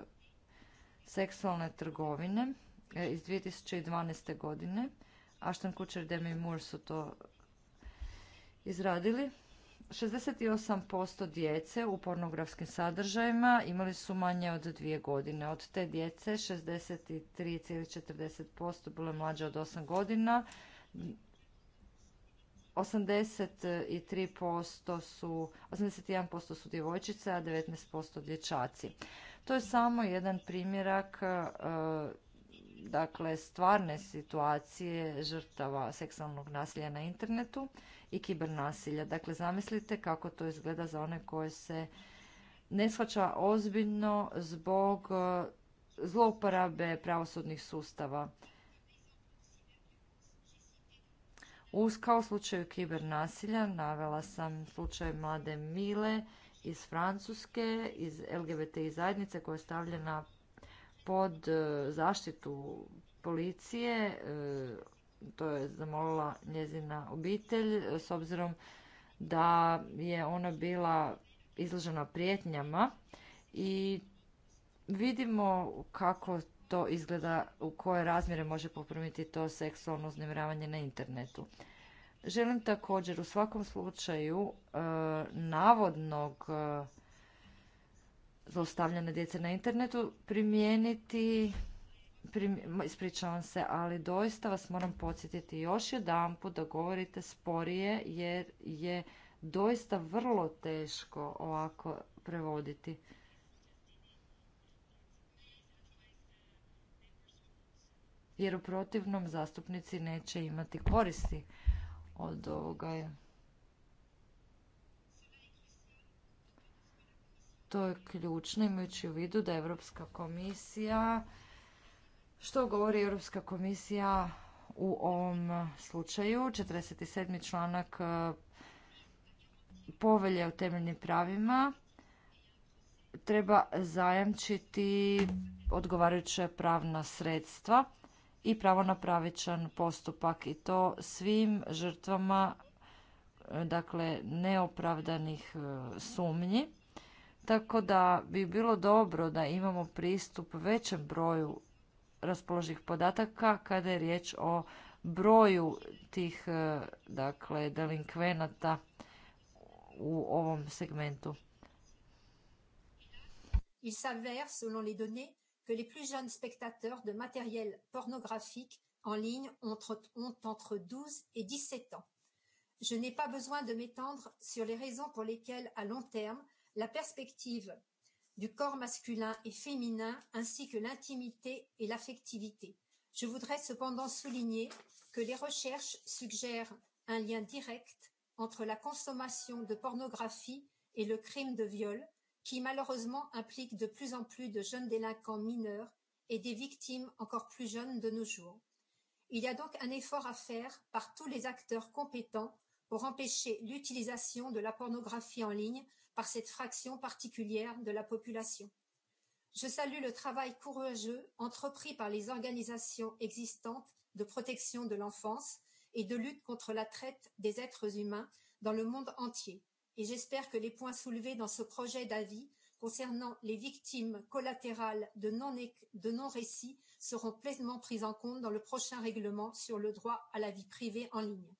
seksualne trgovine e, iz 2012. godine. Ashton Kutcher i Demi Moore su to izradili. 68% djece u pornografskim sadržajima imali su manje od dvije godine. Od te djece 63,40% bilo je mlađe od 8 godina, 83% su, 81% su djevojčice, a 19% dječaci. To je samo jedan primjerak dakle stvarne situacije žrtava seksualnog nasilja na internetu i kibernasilja. Dakle, zamislite kako to izgleda za one koje se ne shvaća ozbiljno zbog e, zlouporabe pravosudnih sustava. Uz kao slučaju kibernasilja navela sam slučaj mlade Mile iz Francuske, iz LGBTI zajednice koja je stavljena pod e, zaštitu policije, e, to je zamolila njezina obitelj, e, s obzirom da je ona bila izložena prijetnjama i vidimo kako to izgleda, u koje razmjere može poprimiti to seksualno uznemiravanje na internetu. Želim također u svakom slučaju navodnog zlostavljanja djece na internetu primijeniti ispričavam se, ali doista vas moram podsjetiti još jedanput da govorite sporije jer je doista vrlo teško ovako prevoditi. Jer u protivnom zastupnici neće imati koristi od ovoga To je ključno imajući u vidu da Europska komisija, što govori Europska komisija u ovom slučaju, 47. članak e, povelje o temeljnim pravima, treba zajamčiti odgovarajuće pravna sredstva i pravo na pravičan postupak i to svim žrtvama e, dakle neopravdanih e, sumnji tako da bi bilo dobro da imamo pristup većem broju raspoloživih podataka kada je riječ o broju tih e, dakle delinkvenata u ovom segmentu. Il s'avère, selon les données, que les plus jeunes spectateurs de matériel pornographique en ligne ont entre 12 et 17 ans. Je n'ai pas besoin de m'étendre sur les raisons pour lesquelles, à long terme, la perspective du corps masculin et féminin ainsi que l'intimité et l'affectivité. Je voudrais cependant souligner que les recherches suggèrent un lien direct entre la consommation de pornographie et le crime de viol, qui malheureusement implique de plus en plus de jeunes délinquants mineurs et des victimes encore plus jeunes de nos jours. Il y a donc un effort à faire par tous les acteurs compétents pour empêcher l'utilisation de la pornographie en ligne par cette fraction particulière de la population. Je salue le travail courageux entrepris par les organisations existantes de protection de l'enfance et de lutte contre la traite des êtres humains dans le monde entier, et j'espère que les points soulevés dans ce projet d'avis concernant les victimes collatérales de non-récits non seront pleinement pris en compte dans le prochain règlement sur le droit à la vie privée en ligne.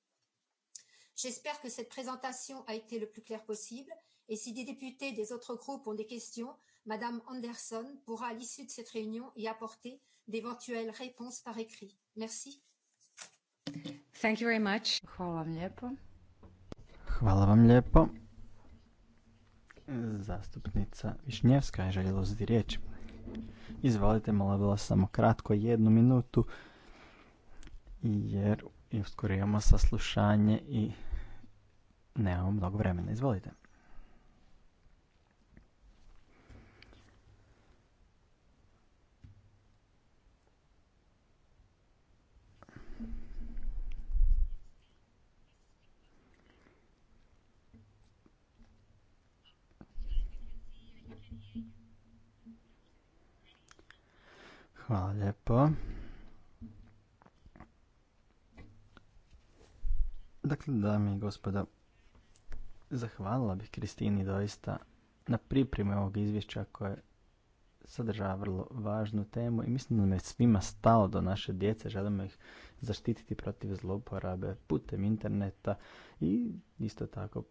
J'espère que cette présentation a été le plus claire possible Et si des députés des autres groupes ont des questions, Madame Anderson pourra à l'issue de cette réunion y apporter d'éventuelles réponses par écrit. Merci. Thank you very much. Hvala vam lijepo. Hvala vam lijepo. Zastupnica Višnjevska je željela uzeti riječ. Izvolite, mola bila samo kratko, jednu minutu, jer uskoro imamo saslušanje i nemamo mnogo vremena. Izvolite. lijepo. Dakle, dame i gospoda, zahvalila bih Kristini doista na pripremi ovog izvješća koje sadržava vrlo važnu temu i mislim da je svima stalo do naše djece, želimo ih zaštititi protiv zlouporabe putem interneta i isto tako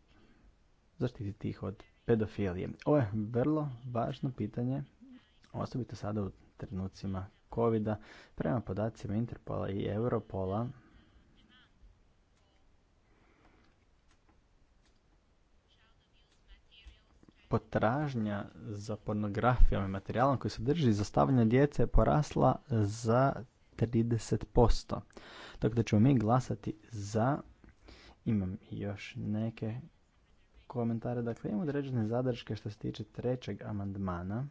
zaštititi ih od pedofilije. Ovo je vrlo važno pitanje, osobito sada u trenucima covid Prema podacima Interpola i Europola, potražnja za pornografijom i materijalom koji se za stavljanje djece je porasla za 30%. Tako da ćemo mi glasati za. Imam još neke komentare. Dakle, imamo određene zadrške što se tiče trećeg amandmana.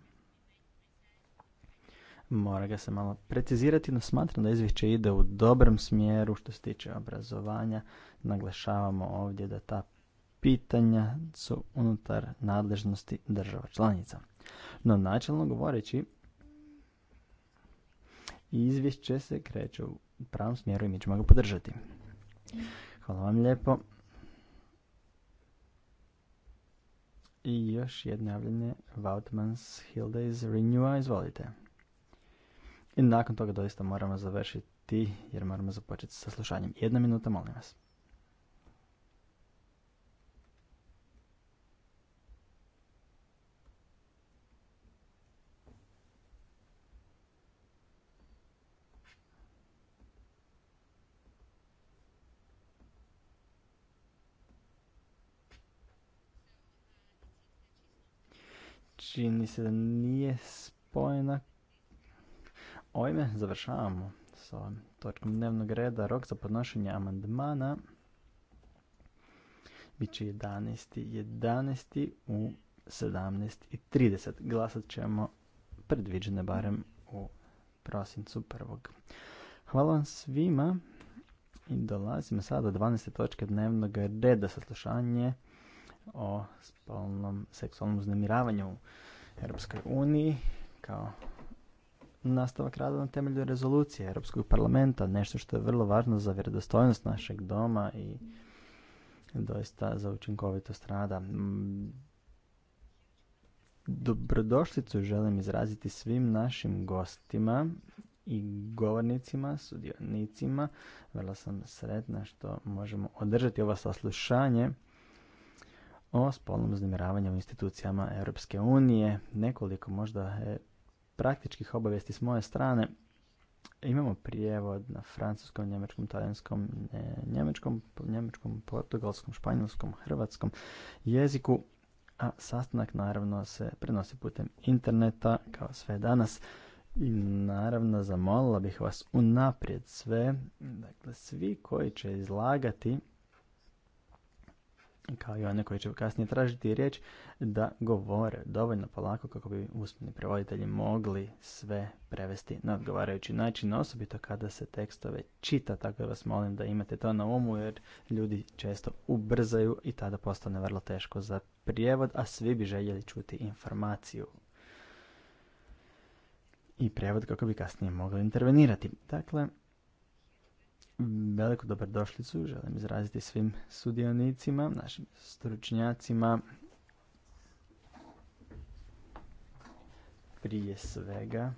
Mora ga se malo precizirati, no smatram da izvješće ide u dobrom smjeru što se tiče obrazovanja. Naglašavamo ovdje da ta pitanja su unutar nadležnosti država članica. No načelno govoreći, izvješće se kreće u pravom smjeru i mi ćemo ga podržati. Hvala vam lijepo. I još jedno Vautmans Hilde iz Renewa, izvolite. I nakon toga doista moramo završiti jer moramo započeti sa slušanjem. Jedna minuta, molim vas. čini se da nije spojena Ovime završavamo s ovom točkom dnevnog reda. Rok za podnošenje amandmana bit će 11.11. 11. u 17.30. Glasat ćemo predviđene barem u prosincu prvog. Hvala vam svima i dolazimo sada do 12. točke dnevnog reda saslušanje o spolnom seksualnom uznemiravanju u Europskoj uniji kao nastavak rada na temelju rezolucije Europskog parlamenta, nešto što je vrlo važno za vjerodostojnost našeg doma i doista za učinkovitost rada. Mm, dobrodošlicu želim izraziti svim našim gostima i govornicima, sudionicima. Vrlo sam sretna što možemo održati ovo saslušanje o spolnom uznemiravanju u institucijama Europske unije. Nekoliko možda e, praktičkih obavijesti s moje strane. Imamo prijevod na francuskom, njemačkom, talijanskom, njemačkom, njemačkom, portugalskom, španjolskom, hrvatskom jeziku, a sastanak naravno se prenosi putem interneta kao sve danas. I naravno zamolila bih vas unaprijed sve, dakle svi koji će izlagati kao i one koji će kasnije tražiti riječ, da govore dovoljno polako kako bi usmeni prevoditelji mogli sve prevesti na odgovarajući način, osobito kada se tekstove čita, tako da vas molim da imate to na umu jer ljudi često ubrzaju i tada postane vrlo teško za prijevod, a svi bi željeli čuti informaciju i prijevod kako bi kasnije mogli intervenirati. Dakle, Veliku dobrodošlicu želim izraziti svim sudionicima, našim stručnjacima. Prije svega,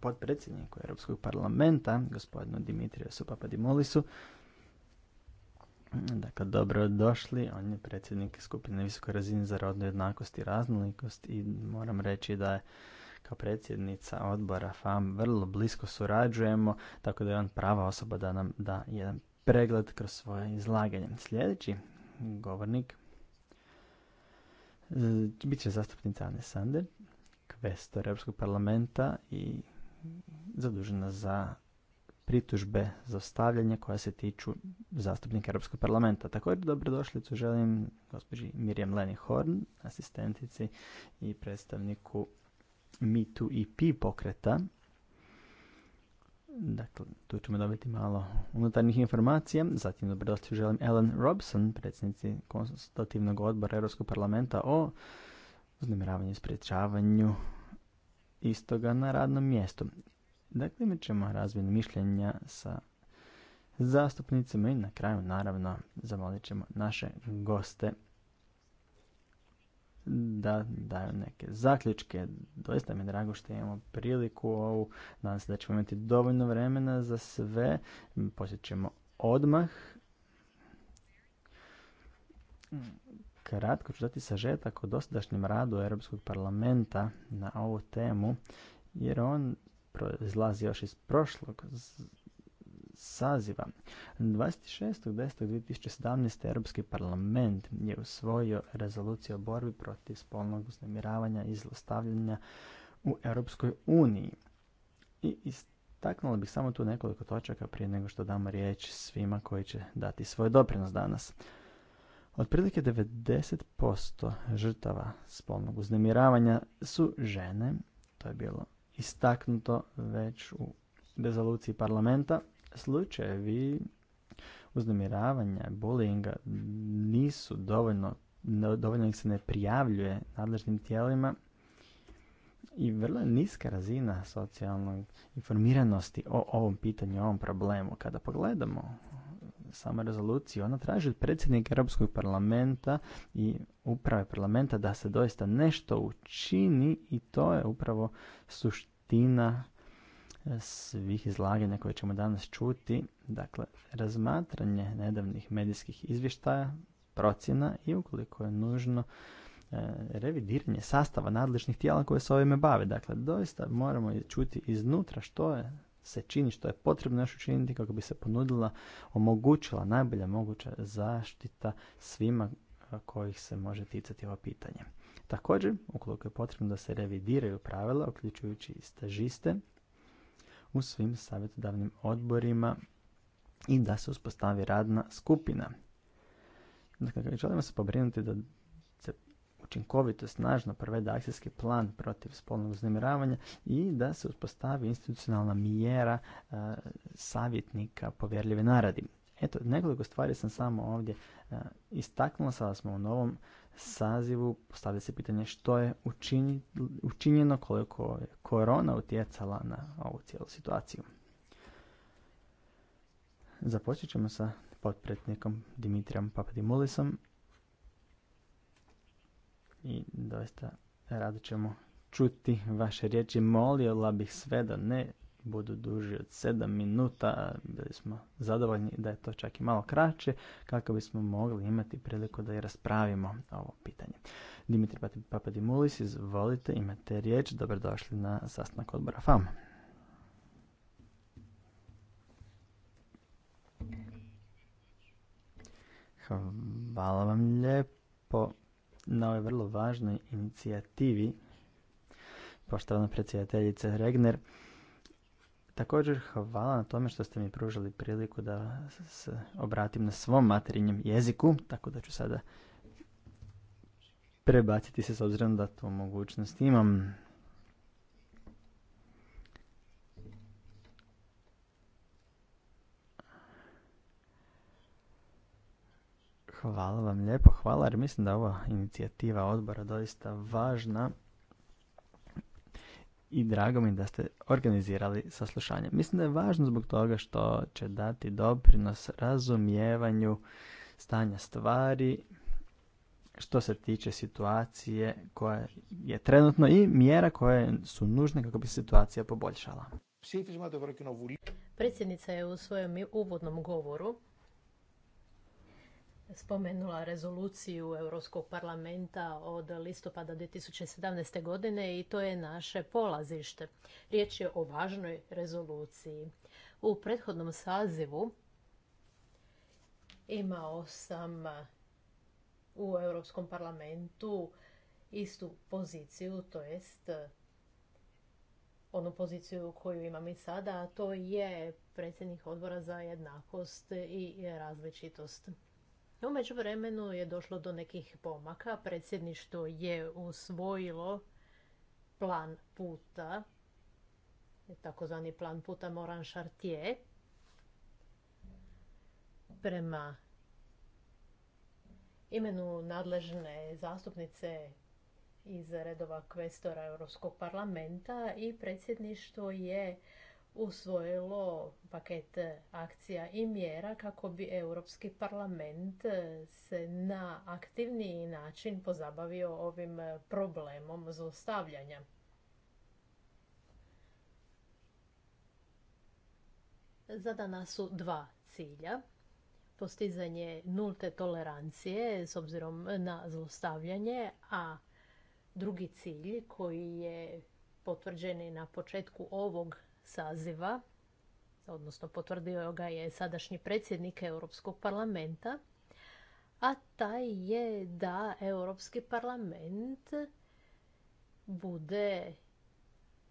podpredsjedniku Europskog parlamenta, gospodinu Dimitriju Papadimolisu. Dakle, dobrodošli. On je predsjednik skupine visokoj razine za rodnu jednakost i raznolikost i moram reći da je kao predsjednica odbora FAM vrlo blisko surađujemo, tako da je on prava osoba da nam da jedan pregled kroz svoje izlaganje. Sljedeći govornik e, bit će zastupnica Anne Sander, kvestor Europskog parlamenta i zadužena za pritužbe za ostavljanje koja se tiču zastupnika Europskog parlamenta. Također dobrodošlicu želim gospođi Mirjam Leni Horn, asistentici i predstavniku mitu i e pi pokreta. Dakle, tu ćemo dobiti malo unutarnjih informacija. Zatim dobrodošli želim Ellen Robson, predsjednici Konstitutivnog odbora Europskog parlamenta o uznemiravanju i spriječavanju istoga na radnom mjestu. Dakle, imat ćemo razvijenu mišljenja sa zastupnicima i na kraju, naravno, zamolit ćemo naše goste da daju neke zaključke. Doista mi je drago što imamo priliku ovu. Nadam se da ćemo imati dovoljno vremena za sve. Počet ćemo odmah. Kratko ću dati sažetak o dosadašnjem radu Europskog parlamenta na ovu temu, jer on izlazi još iz prošlog saziva. 26.10.2017. Europski parlament je usvojio rezoluciju o borbi protiv spolnog uznemiravanja i zlostavljanja u Europskoj uniji. I istaknula bih samo tu nekoliko točaka prije nego što damo riječ svima koji će dati svoj doprinos danas. Otprilike 90% žrtava spolnog uznemiravanja su žene, to je bilo istaknuto već u rezoluciji parlamenta slučajevi uznemiravanja, bullyinga nisu dovoljno, dovoljno ih se ne prijavljuje nadležnim tijelima i vrlo je niska razina socijalnog informiranosti o ovom pitanju, o ovom problemu. Kada pogledamo samo rezoluciju, ona traži od predsjednika Europskog parlamenta i uprave parlamenta da se doista nešto učini i to je upravo suština svih izlaganja koje ćemo danas čuti, dakle, razmatranje nedavnih medijskih izvještaja, procjena i ukoliko je nužno e, revidiranje sastava nadležnih tijela koje se ovime bave. Dakle, doista moramo čuti iznutra što je se čini, što je potrebno još učiniti kako bi se ponudila, omogućila najbolja moguća zaštita svima e, kojih se može ticati ovo pitanje. Također, ukoliko je potrebno da se revidiraju pravila, uključujući i stažiste, u svim savjetodavnim odborima i da se uspostavi radna skupina. Dakle, želimo se pobrinuti da se učinkovito, snažno provede akcijski plan protiv spolnog uznemiravanja i da se uspostavi institucionalna mjera e, savjetnika povjerljive naradi. Eto, nekoliko stvari sam samo ovdje e, istaknula, sada smo u novom sazivu postavlja se pitanje što je učinjeno, koliko je korona utjecala na ovu cijelu situaciju. Započet ćemo sa potpretnikom Dimitrijom Papadimulisom i doista rado ćemo čuti vaše riječi. Molila bih sve da ne budu duži od 7 minuta, da smo zadovoljni da je to čak i malo kraće, kako bismo mogli imati priliku da i raspravimo ovo pitanje. Dimitri Papadimulis, izvolite, imate riječ, dobrodošli na sastanak odbora FAM. Hvala vam lijepo na ovoj vrlo važnoj inicijativi, poštovana predsjedateljice Regner. Također hvala na tome što ste mi pružili priliku da se obratim na svom materinjem jeziku, tako da ću sada prebaciti se s obzirom da tu mogućnost imam. Hvala vam lijepo, hvala jer mislim da je ova inicijativa odbora doista važna i drago mi da ste organizirali saslušanje. Mislim da je važno zbog toga što će dati doprinos razumijevanju stanja stvari što se tiče situacije koja je trenutno i mjera koje su nužne kako bi situacija poboljšala. Predsjednica je u svojem uvodnom govoru spomenula rezoluciju Europskog parlamenta od listopada 2017. godine i to je naše polazište. Riječ je o važnoj rezoluciji. U prethodnom sazivu imao sam u Europskom parlamentu istu poziciju, to jest onu poziciju koju imam i sada, a to je predsjednik odbora za jednakost i različitost. U međuvremenu vremenu je došlo do nekih pomaka. Predsjedništvo je usvojilo plan puta, takozvani plan puta Moran Chartier, prema imenu nadležne zastupnice iz redova kvestora Europskog parlamenta i predsjedništvo je usvojilo paket akcija i mjera kako bi Europski parlament eh, se na aktivniji način pozabavio ovim eh, problemom zlostavljanja. Zadana su dva cilja. Postizanje nulte tolerancije s obzirom na zlostavljanje, a drugi cilj koji je potvrđeni na početku ovog saziva, odnosno potvrdio ga je sadašnji predsjednik Europskog parlamenta, a taj je da Europski parlament bude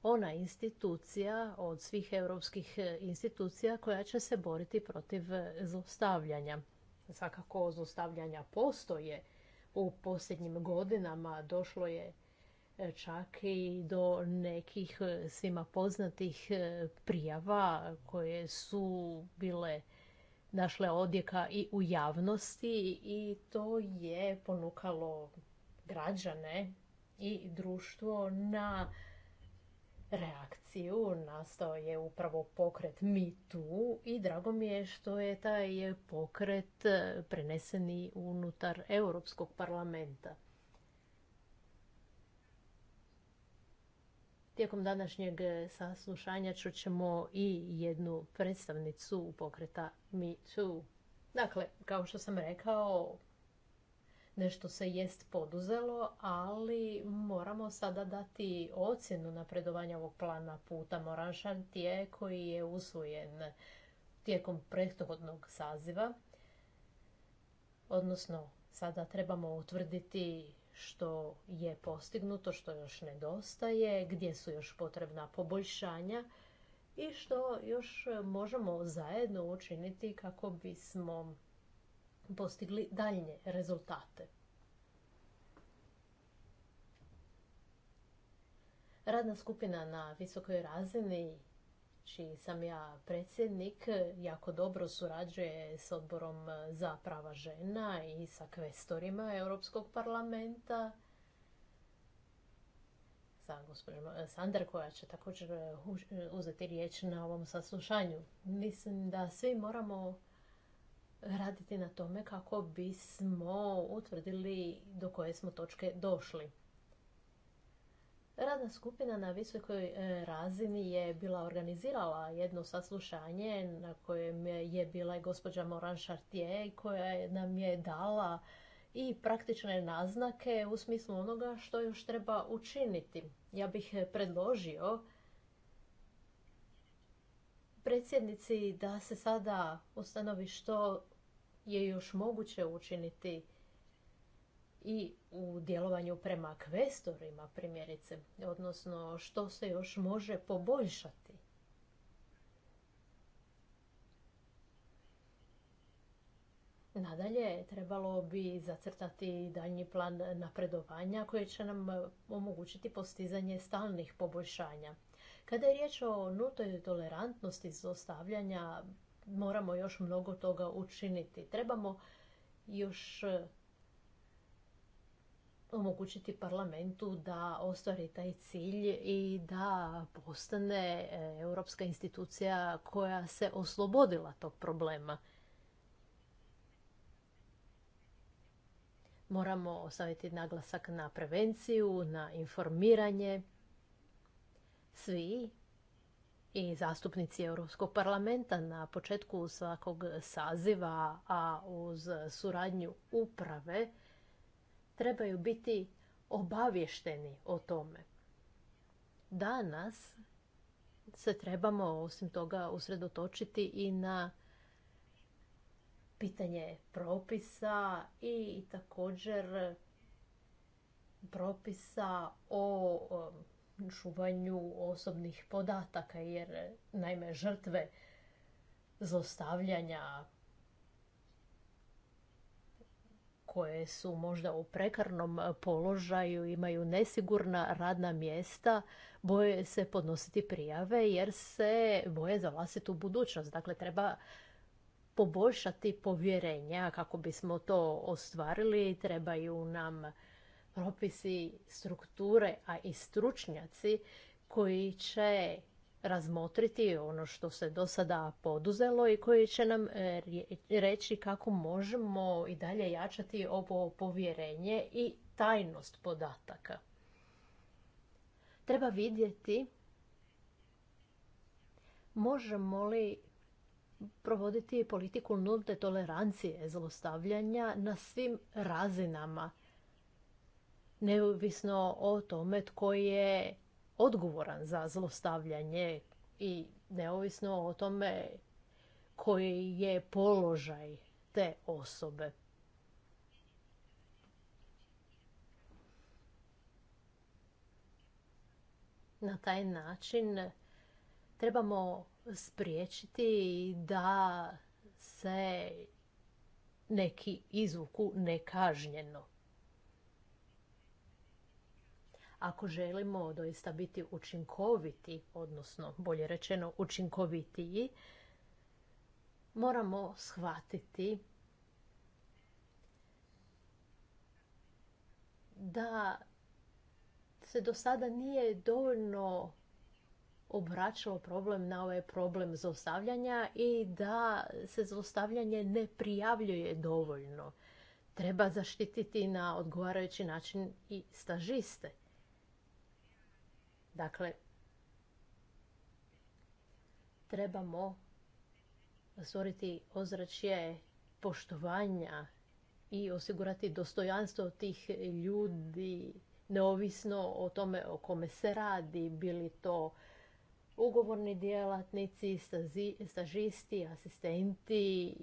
ona institucija od svih europskih institucija koja će se boriti protiv zlostavljanja. Svakako zlostavljanja postoje. U posljednjim godinama došlo je čak i do nekih e, svima poznatih e, prijava koje su bile našle odjeka i u javnosti i to je ponukalo građane i društvo na reakciju. Nastao je upravo pokret Me Too i drago mi je što je taj pokret e, preneseni unutar Europskog parlamenta. Tijekom današnjeg e, saslušanja čućemo i jednu predstavnicu pokreta Me Too. Dakle, kao što sam rekao, nešto se jest poduzelo, ali moramo sada dati ocjenu napredovanja ovog plana puta Moranšan tije koji je usvojen tijekom prethodnog saziva. Odnosno, sada trebamo utvrditi što je postignuto, što još nedostaje, gdje su još potrebna poboljšanja i što još možemo zajedno učiniti kako bismo postigli daljnje rezultate. Radna skupina na visokoj razini čiji znači, sam ja predsjednik, jako dobro surađuje s odborom za prava žena i sa kvestorima Europskog parlamenta. Sa gospođom e, Sander koja će također e, e, uzeti riječ na ovom saslušanju. Mislim da svi moramo raditi na tome kako bismo utvrdili do koje smo točke došli. Radna skupina na visokoj e, razini je bila organizirala jedno saslušanje na kojem je bila i gospođa Moran Chartier koja nam je dala i praktične naznake u smislu onoga što još treba učiniti. Ja bih predložio predsjednici da se sada ustanovi što je još moguće učiniti i u djelovanju prema kvestorima primjerice, odnosno što se još može poboljšati. Nadalje, trebalo bi zacrtati daljnji plan napredovanja koji će nam omogućiti postizanje stalnih poboljšanja. Kada je riječ o nutoj tolerantnosti ostavljanja moramo još mnogo toga učiniti. Trebamo još omogućiti parlamentu da ostvari taj cilj i da postane e, europska institucija koja se oslobodila tog problema. Moramo ostaviti naglasak na prevenciju, na informiranje. Svi i zastupnici Europskog parlamenta na početku svakog saziva, a uz suradnju uprave, trebaju biti obavješteni o tome. Danas se trebamo osim toga usredotočiti i na pitanje propisa i također propisa o čuvanju osobnih podataka jer naime žrtve zlostavljanja koje su možda u prekarnom e, položaju, imaju nesigurna radna mjesta, boje se podnositi prijave jer se boje za vlastitu budućnost. Dakle, treba poboljšati povjerenja kako bismo to ostvarili. Trebaju nam propisi, strukture, a i stručnjaci koji će razmotriti ono što se do sada poduzelo i koji će nam e, reći kako možemo i dalje jačati ovo povjerenje i tajnost podataka. Treba vidjeti možemo li provoditi politiku nulte tolerancije zlostavljanja na svim razinama, neovisno o tome tko je odgovoran za zlostavljanje i neovisno o tome koji je položaj te osobe. Na taj način trebamo spriječiti da se neki izvuku nekažnjeno. Ako želimo doista biti učinkoviti, odnosno bolje rečeno učinkovitiji, moramo shvatiti da se do sada nije dovoljno obraćalo problem na ovaj problem zlostavljanja i da se zlostavljanje ne prijavljuje dovoljno. Treba zaštititi na odgovarajući način i stažiste. Dakle, trebamo stvoriti ozračje poštovanja i osigurati dostojanstvo tih ljudi neovisno o tome o kome se radi, bili to ugovorni djelatnici, stažisti, asistenti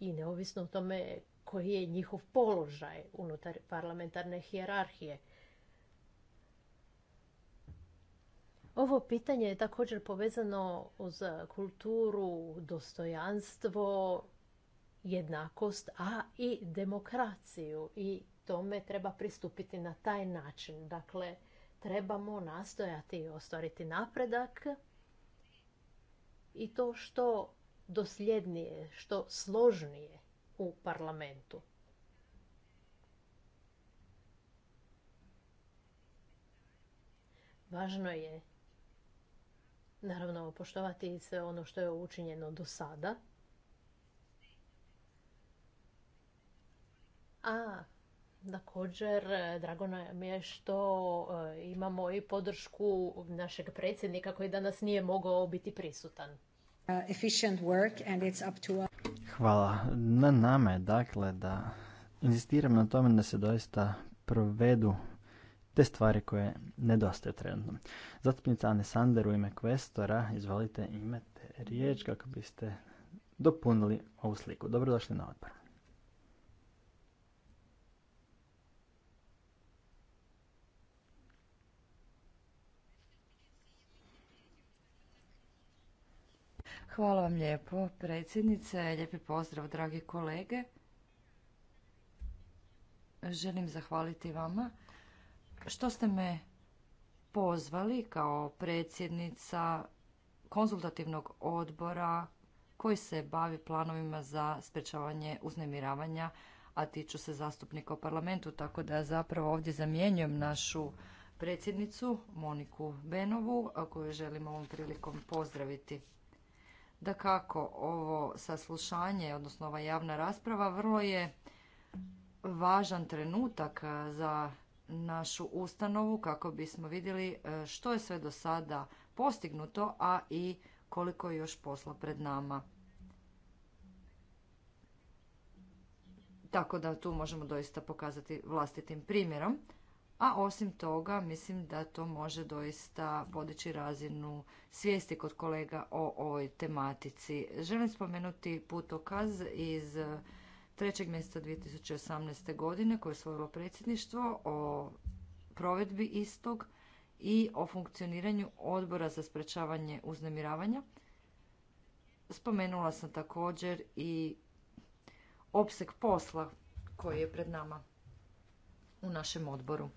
i neovisno o tome koji je njihov položaj unutar parlamentarne hijerarhije. Ovo pitanje je također povezano uz kulturu, dostojanstvo, jednakost, a i demokraciju i tome treba pristupiti na taj način. Dakle, trebamo nastojati i ostvariti napredak i to što dosljednije, što složnije u parlamentu. Važno je naravno poštovati sve ono što je učinjeno do sada. A također drago nam je što e, imamo i podršku našeg predsjednika koji danas nije mogao biti prisutan. Hvala. Na nama je dakle da insistiram na tome da se doista provedu te stvari koje nedostaju trenutno. Zastupnica Ane u ime kvestora, izvolite imate riječ kako biste dopunili ovu sliku. Dobrodošli na odbor. Hvala vam lijepo, predsjednice. Lijepi pozdrav, dragi kolege. Želim zahvaliti vama što ste me pozvali kao predsjednica konzultativnog odbora koji se bavi planovima za sprečavanje uznemiravanja, a tiču se zastupnika u parlamentu, tako da zapravo ovdje zamjenjujem našu predsjednicu Moniku Benovu, koju želim ovom prilikom pozdraviti. Da kako ovo saslušanje, odnosno ova javna rasprava, vrlo je važan trenutak za našu ustanovu kako bismo vidjeli e, što je sve do sada postignuto, a i koliko je još posla pred nama. Tako da tu možemo doista pokazati vlastitim primjerom. A osim toga, mislim da to može doista podići razinu svijesti kod kolega o ovoj tematici. Želim spomenuti putokaz iz 3. mjeseca 2018. godine koje je svojilo predsjedništvo o provedbi istog i o funkcioniranju odbora za sprečavanje uznemiravanja. Spomenula sam također i opseg posla koji je pred nama u našem odboru.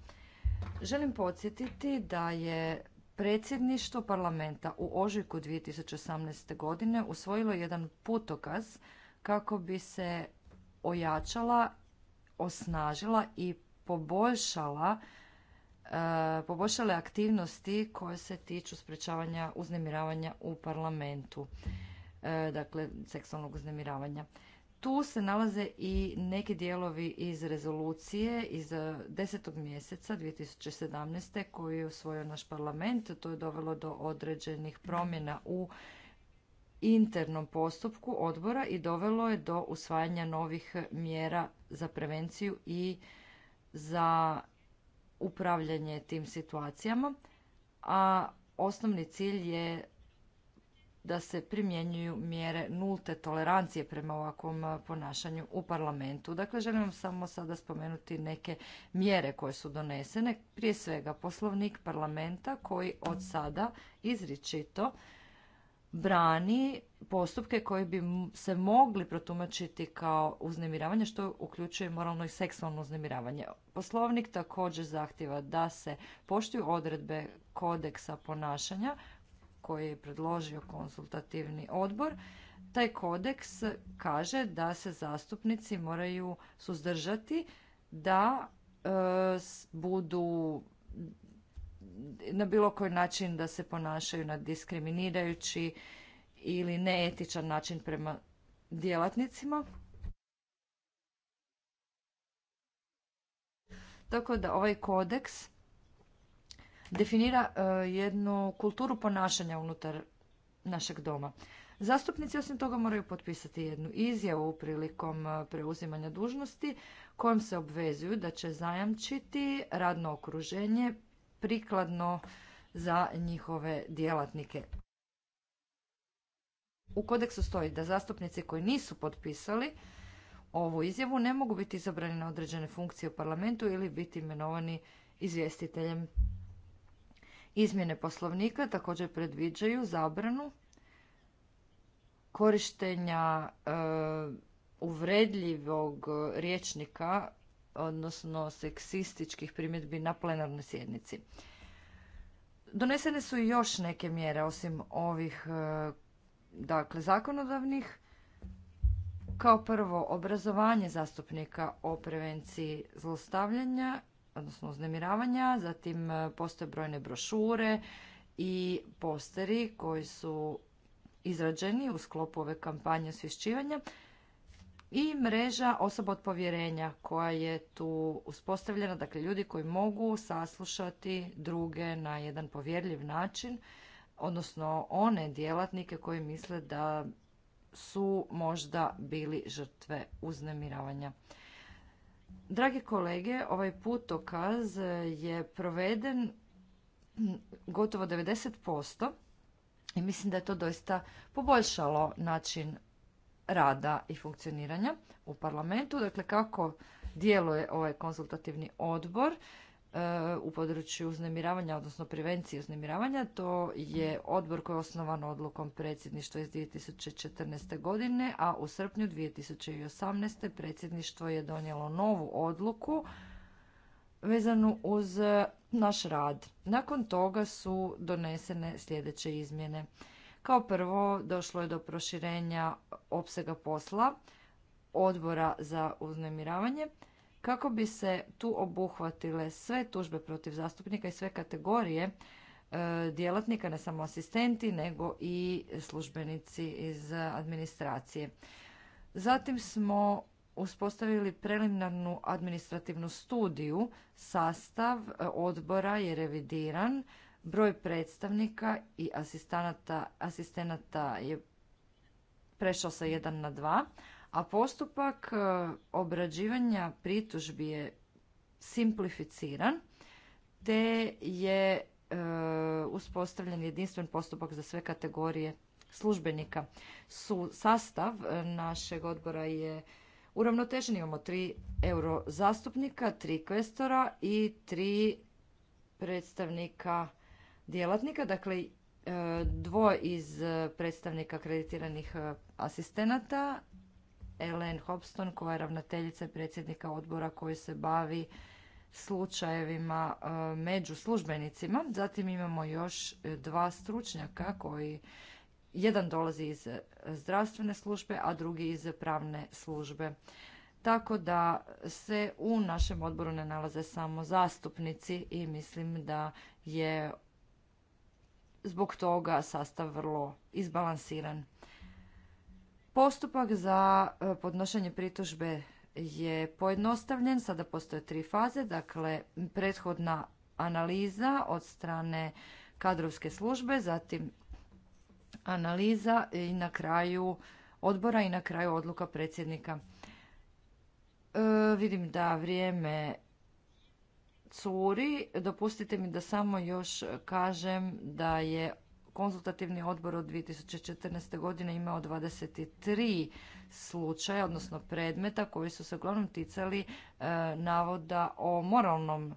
Želim podsjetiti da je predsjedništvo parlamenta u ožujku 2018. godine usvojilo jedan putokaz kako bi se ojačala, osnažila i poboljšala e, poboljšale aktivnosti koje se tiču sprečavanja uznemiravanja u parlamentu, e, dakle seksualnog uznemiravanja. Tu se nalaze i neki dijelovi iz rezolucije iz 10. mjeseca 2017. koju je usvojio naš parlament. To je dovelo do određenih promjena u internom postupku odbora i dovelo je do usvajanja novih mjera za prevenciju i za upravljanje tim situacijama, a osnovni cilj je da se primjenjuju mjere nulte tolerancije prema ovakvom ponašanju u parlamentu. Dakle, želim vam samo sada spomenuti neke mjere koje su donesene. Prije svega, poslovnik parlamenta koji od sada izričito brani postupke koji bi se mogli protumačiti kao uznemiravanje što uključuje moralno i seksualno uznemiravanje. Poslovnik također zahtjeva da se poštuju odredbe kodeksa ponašanja koji je predložio konsultativni odbor. Taj kodeks kaže da se zastupnici moraju suzdržati da e, budu na bilo koji način da se ponašaju na diskriminirajući ili neetičan način prema djelatnicima. Tako da ovaj kodeks definira e, jednu kulturu ponašanja unutar našeg doma. Zastupnici osim toga moraju potpisati jednu izjavu prilikom e, preuzimanja dužnosti kojom se obvezuju da će zajamčiti radno okruženje prikladno za njihove djelatnike. U kodeksu stoji da zastupnici koji nisu potpisali ovu izjavu ne mogu biti izabrani na određene funkcije u parlamentu ili biti imenovani izvjestiteljem. Izmjene poslovnika također predviđaju zabranu korištenja e, uvredljivog rječnika odnosno seksističkih primjedbi na plenarnoj sjednici. Donesene su i još neke mjere osim ovih e, dakle zakonodavnih. Kao prvo obrazovanje zastupnika o prevenciji zlostavljanja, odnosno uznemiravanja, zatim e, postoje brojne brošure i posteri koji su izrađeni u sklopu ove kampanje osvješćivanja i mreža osoba od povjerenja koja je tu uspostavljena, dakle ljudi koji mogu saslušati druge na jedan povjerljiv način, odnosno one djelatnike koji misle da su možda bili žrtve uznemiravanja. Dragi kolege, ovaj putokaz je proveden gotovo 90% i mislim da je to doista poboljšalo način rada i funkcioniranja u parlamentu. Dakle, kako djeluje ovaj konsultativni odbor e, u području uznemiravanja, odnosno prevencije uznemiravanja. To je odbor koji je osnovan odlukom predsjedništva iz 2014. godine, a u srpnju 2018. predsjedništvo je donijelo novu odluku vezanu uz naš rad. Nakon toga su donesene sljedeće izmjene. Kao prvo, došlo je do proširenja opsega posla odbora za uznemiravanje kako bi se tu obuhvatile sve tužbe protiv zastupnika i sve kategorije e, djelatnika, ne samo asistenti, nego i službenici iz administracije. Zatim smo uspostavili preliminarnu administrativnu studiju. Sastav e, odbora je revidiran Broj predstavnika i asistenata je prešao sa 1 na 2, a postupak e, obrađivanja pritužbi je simplificiran te je e, uspostavljen jedinstven postupak za sve kategorije službenika. sastav e, našeg odbora je uravnotežen. Imamo tri euro zastupnika, tri kvestora i tri predstavnika djelatnika, dakle e, dvoje iz e, predstavnika kreditiranih e, asistenata, Ellen Hobston koja je ravnateljica i predsjednika odbora koji se bavi slučajevima među službenicima. Zatim imamo još dva stručnjaka koji jedan dolazi iz zdravstvene službe, a drugi iz pravne službe. Tako da se u našem odboru ne nalaze samo zastupnici i mislim da je zbog toga sastav vrlo izbalansiran. Postupak za e, podnošenje pritužbe je pojednostavljen, sada postoje tri faze, dakle prethodna analiza od strane kadrovske službe, zatim analiza i na kraju odbora i na kraju odluka predsjednika. E, vidim da vrijeme curi, dopustite mi da samo još kažem da je konzultativni odbor od 2014. godine imao 23 slučaja, odnosno predmeta koji su se uglavnom ticali e, navoda o moralnom e,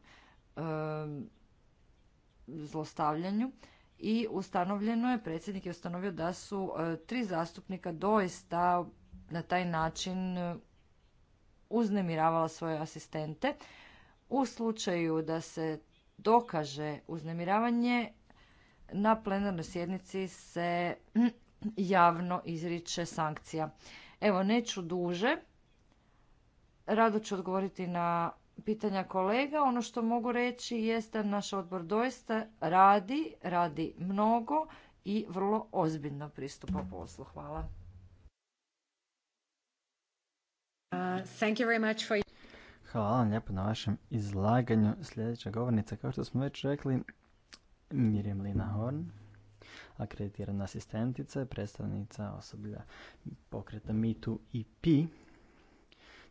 zlostavljanju i ustanovljeno je, predsjednik je ustanovio da su e, tri zastupnika doista na taj način uznemiravala svoje asistente. U slučaju da se dokaže uznemiravanje, na plenarnoj sjednici se [clears throat] javno izriče sankcija. Evo, neću duže. Rado ću odgovoriti na pitanja kolega. Ono što mogu reći jest da naš odbor doista radi, radi mnogo i vrlo ozbiljno pristupa poslu. Hvala. Uh, Hvala vam lijepo na vašem izlaganju. Sljedeća govornica, kao što smo već rekli, Mirjam Lina Horn, akreditirana asistentica, predstavnica osoblja pokreta MeToo EP.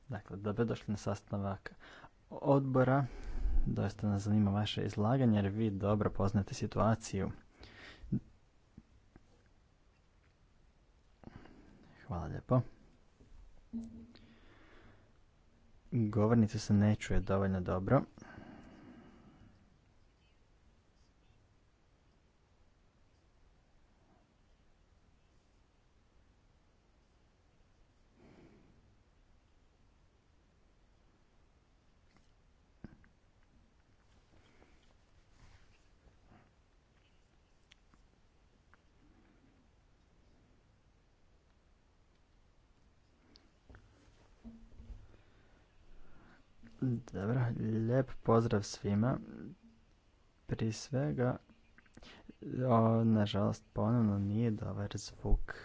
Dakle, došli na sastavak odbora. Doista nas zanima vaše izlaganje jer vi dobro poznate situaciju. Hvala lijepo. Govornica se ne čuje dovoljno dobro. Dobro, lijep pozdrav svima. pri svega, o, nažalost, ponovno nije dobar zvuk.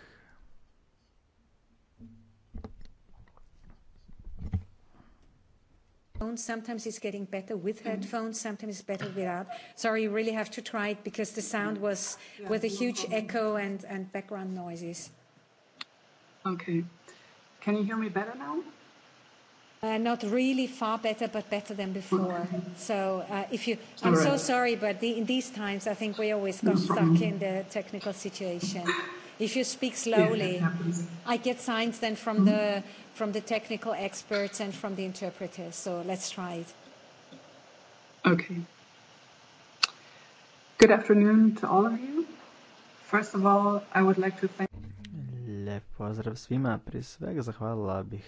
Sometimes it's getting better with headphones, sometimes it's better without. Sorry, you really have to try it because the sound was with a huge echo and, and background noises. Okay. Can you hear me better now? Uh, not really far better, but better than before. So uh, if you, I'm so sorry, but the, in these times, I think we always got stuck in the technical situation. If you speak slowly, I get signs then from mm-hmm. the from the technical experts and from the interpreters. So let's try it. Okay. Good afternoon to all of you. First of all, I would like to thank. pozdrav svima. svega zahvalila bih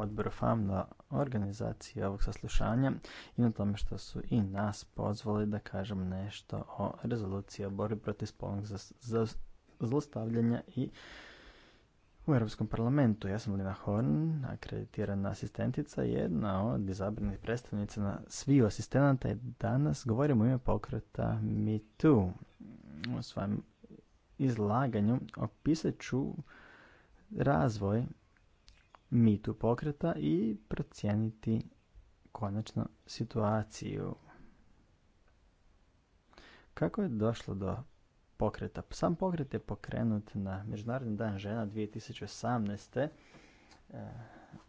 odboru FAMDA na organizaciji ovog saslušanja i na tome što su i nas pozvali da kažem nešto o rezoluciji o borbi protiv spolnog zlostavljanja i u Europskom parlamentu. Ja sam Lina Horn, akreditirana asistentica, jedna od izabranih predstavnica na sviju asistenata i danas govorimo u ime pokreta Me Too. U svojem izlaganju opisat ću razvoj mitu pokreta i procijeniti konačno situaciju. Kako je došlo do pokreta? Sam pokret je pokrenut na Međunarodni dan žena 2018. Eh,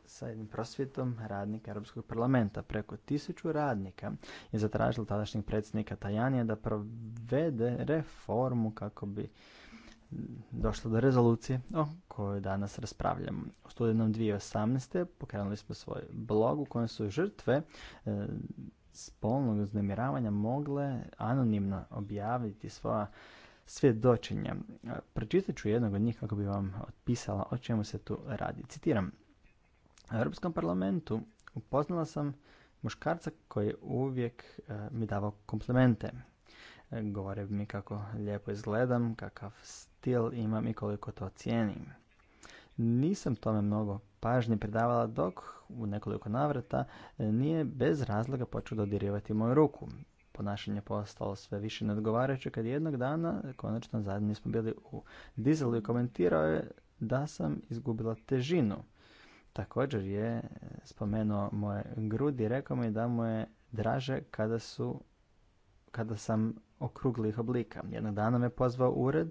sa jednim prosvjetom radnika Europskog parlamenta. Preko tisuću radnika je zatražilo tadašnjeg predsjednika Tajanija da provede reformu kako bi došlo do rezolucije o kojoj danas raspravljamo. U studenom 2018. pokrenuli smo svoj blog u kojem su žrtve e, spolnog uznemiravanja mogle anonimno objaviti svoja svjedočenja. E, pročitat ću jednog od njih kako bi vam otpisala o čemu se tu radi. Citiram. U Europskom parlamentu upoznala sam muškarca koji uvijek e, mi davao komplemente. E, govore mi kako lijepo izgledam, kakav stil imam i koliko to cijenim. Nisam tome mnogo pažnje predavala dok u nekoliko navrata nije bez razloga počeo dodirivati moju ruku. Ponašanje postalo sve više neodgovarajuće kad jednog dana, konačno zadnji smo bili u dizelu i komentirao je da sam izgubila težinu. Također je spomenuo moje grudi i rekao mi da mu je draže kada su kada sam okruglih oblika. Jednog dana me pozvao ured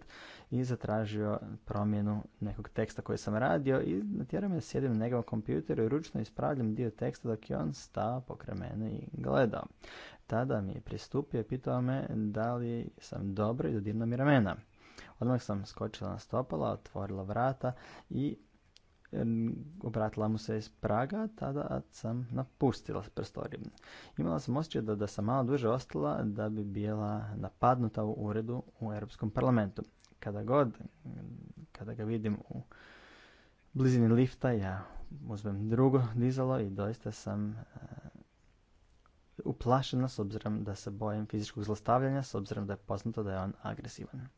i zatražio promjenu nekog teksta koji sam radio i natjeram je da sjedim na njegovom kompjuteru i ručno ispravljam dio teksta dok je on stao pokraj mene i gledao. Tada mi je pristupio i pitao me da li sam dobro i dodirno mi ramena. Odmah sam skočila na stopala, otvorila vrata i obratila mu se iz Praga, tada sam napustila prostoriju. Imala sam osjećaj da, da sam malo duže ostala da bi bila napadnuta u uredu u Europskom parlamentu. Kada god, kada ga vidim u blizini lifta, ja uzmem drugo dizalo i doista sam eh, uplašena s obzirom da se bojim fizičkog zlostavljanja, s obzirom da je poznato da je on agresivan.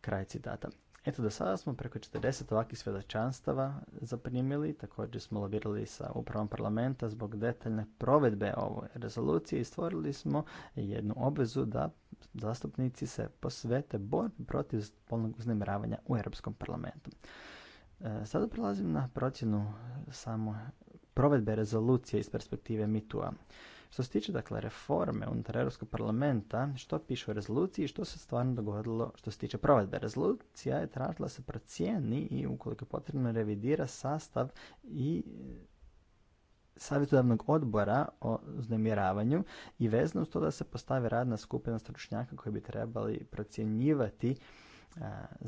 Kraj citata. Eto, do sada smo preko 40 ovakvih svjedočanstava zaprimili, također smo lobirali sa upravom parlamenta zbog detaljne provedbe ove rezolucije i stvorili smo jednu obvezu da zastupnici se posvete borbi protiv polnog uznemiravanja u Europskom parlamentu. E, sada prelazim na procjenu samo provedbe rezolucije iz perspektive mitua. Što se tiče dakle reforme unutar Europskog parlamenta, što piše u rezoluciji i što se stvarno dogodilo što se tiče provedbe. Rezolucija je tražila se procijeni i ukoliko potrebno revidira sastav i e, savjetodavnog odbora o uznemiravanju i vezno uz to da se postavi radna skupina stručnjaka koji bi trebali procjenjivati e,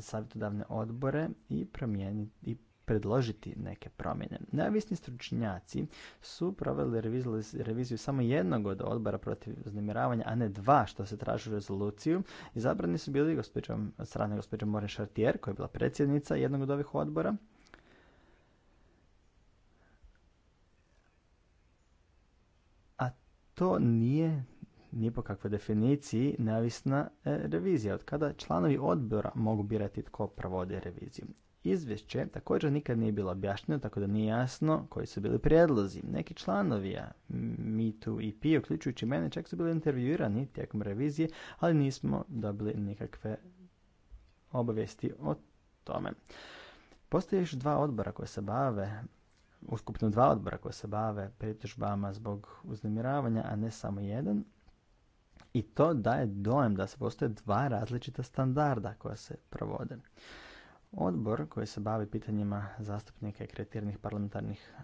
savjetodavne odbore i promijeniti i predložiti neke promjene. Neovisni stručnjaci su proveli reviziju, samo jednog od odbora protiv uznemiravanja, a ne dva što se traži u rezoluciju. Izabrani su bili gospođom strane gospođa Moren Chartier, koja je bila predsjednica jednog od ovih odbora, a to nije ni po kakvoj definiciji neovisna e, revizija, od kada članovi odbora mogu birati tko provodi reviziju. Izvješće također nikad nije bilo objašnjeno, tako da nije jasno koji su bili prijedlozi. Neki članovi MeToo i P, uključujući mene, čak su bili intervjuirani tijekom revizije, ali nismo dobili nikakve obavijesti o tome. Postoje još dva odbora koje se bave, uskupno dva odbora koje se bave pritužbama zbog uznemiravanja, a ne samo jedan. I to daje dojem da se postoje dva različita standarda koja se provode. Odbor koji se bavi pitanjima zastupnika i kretiranih parlamentarnih e,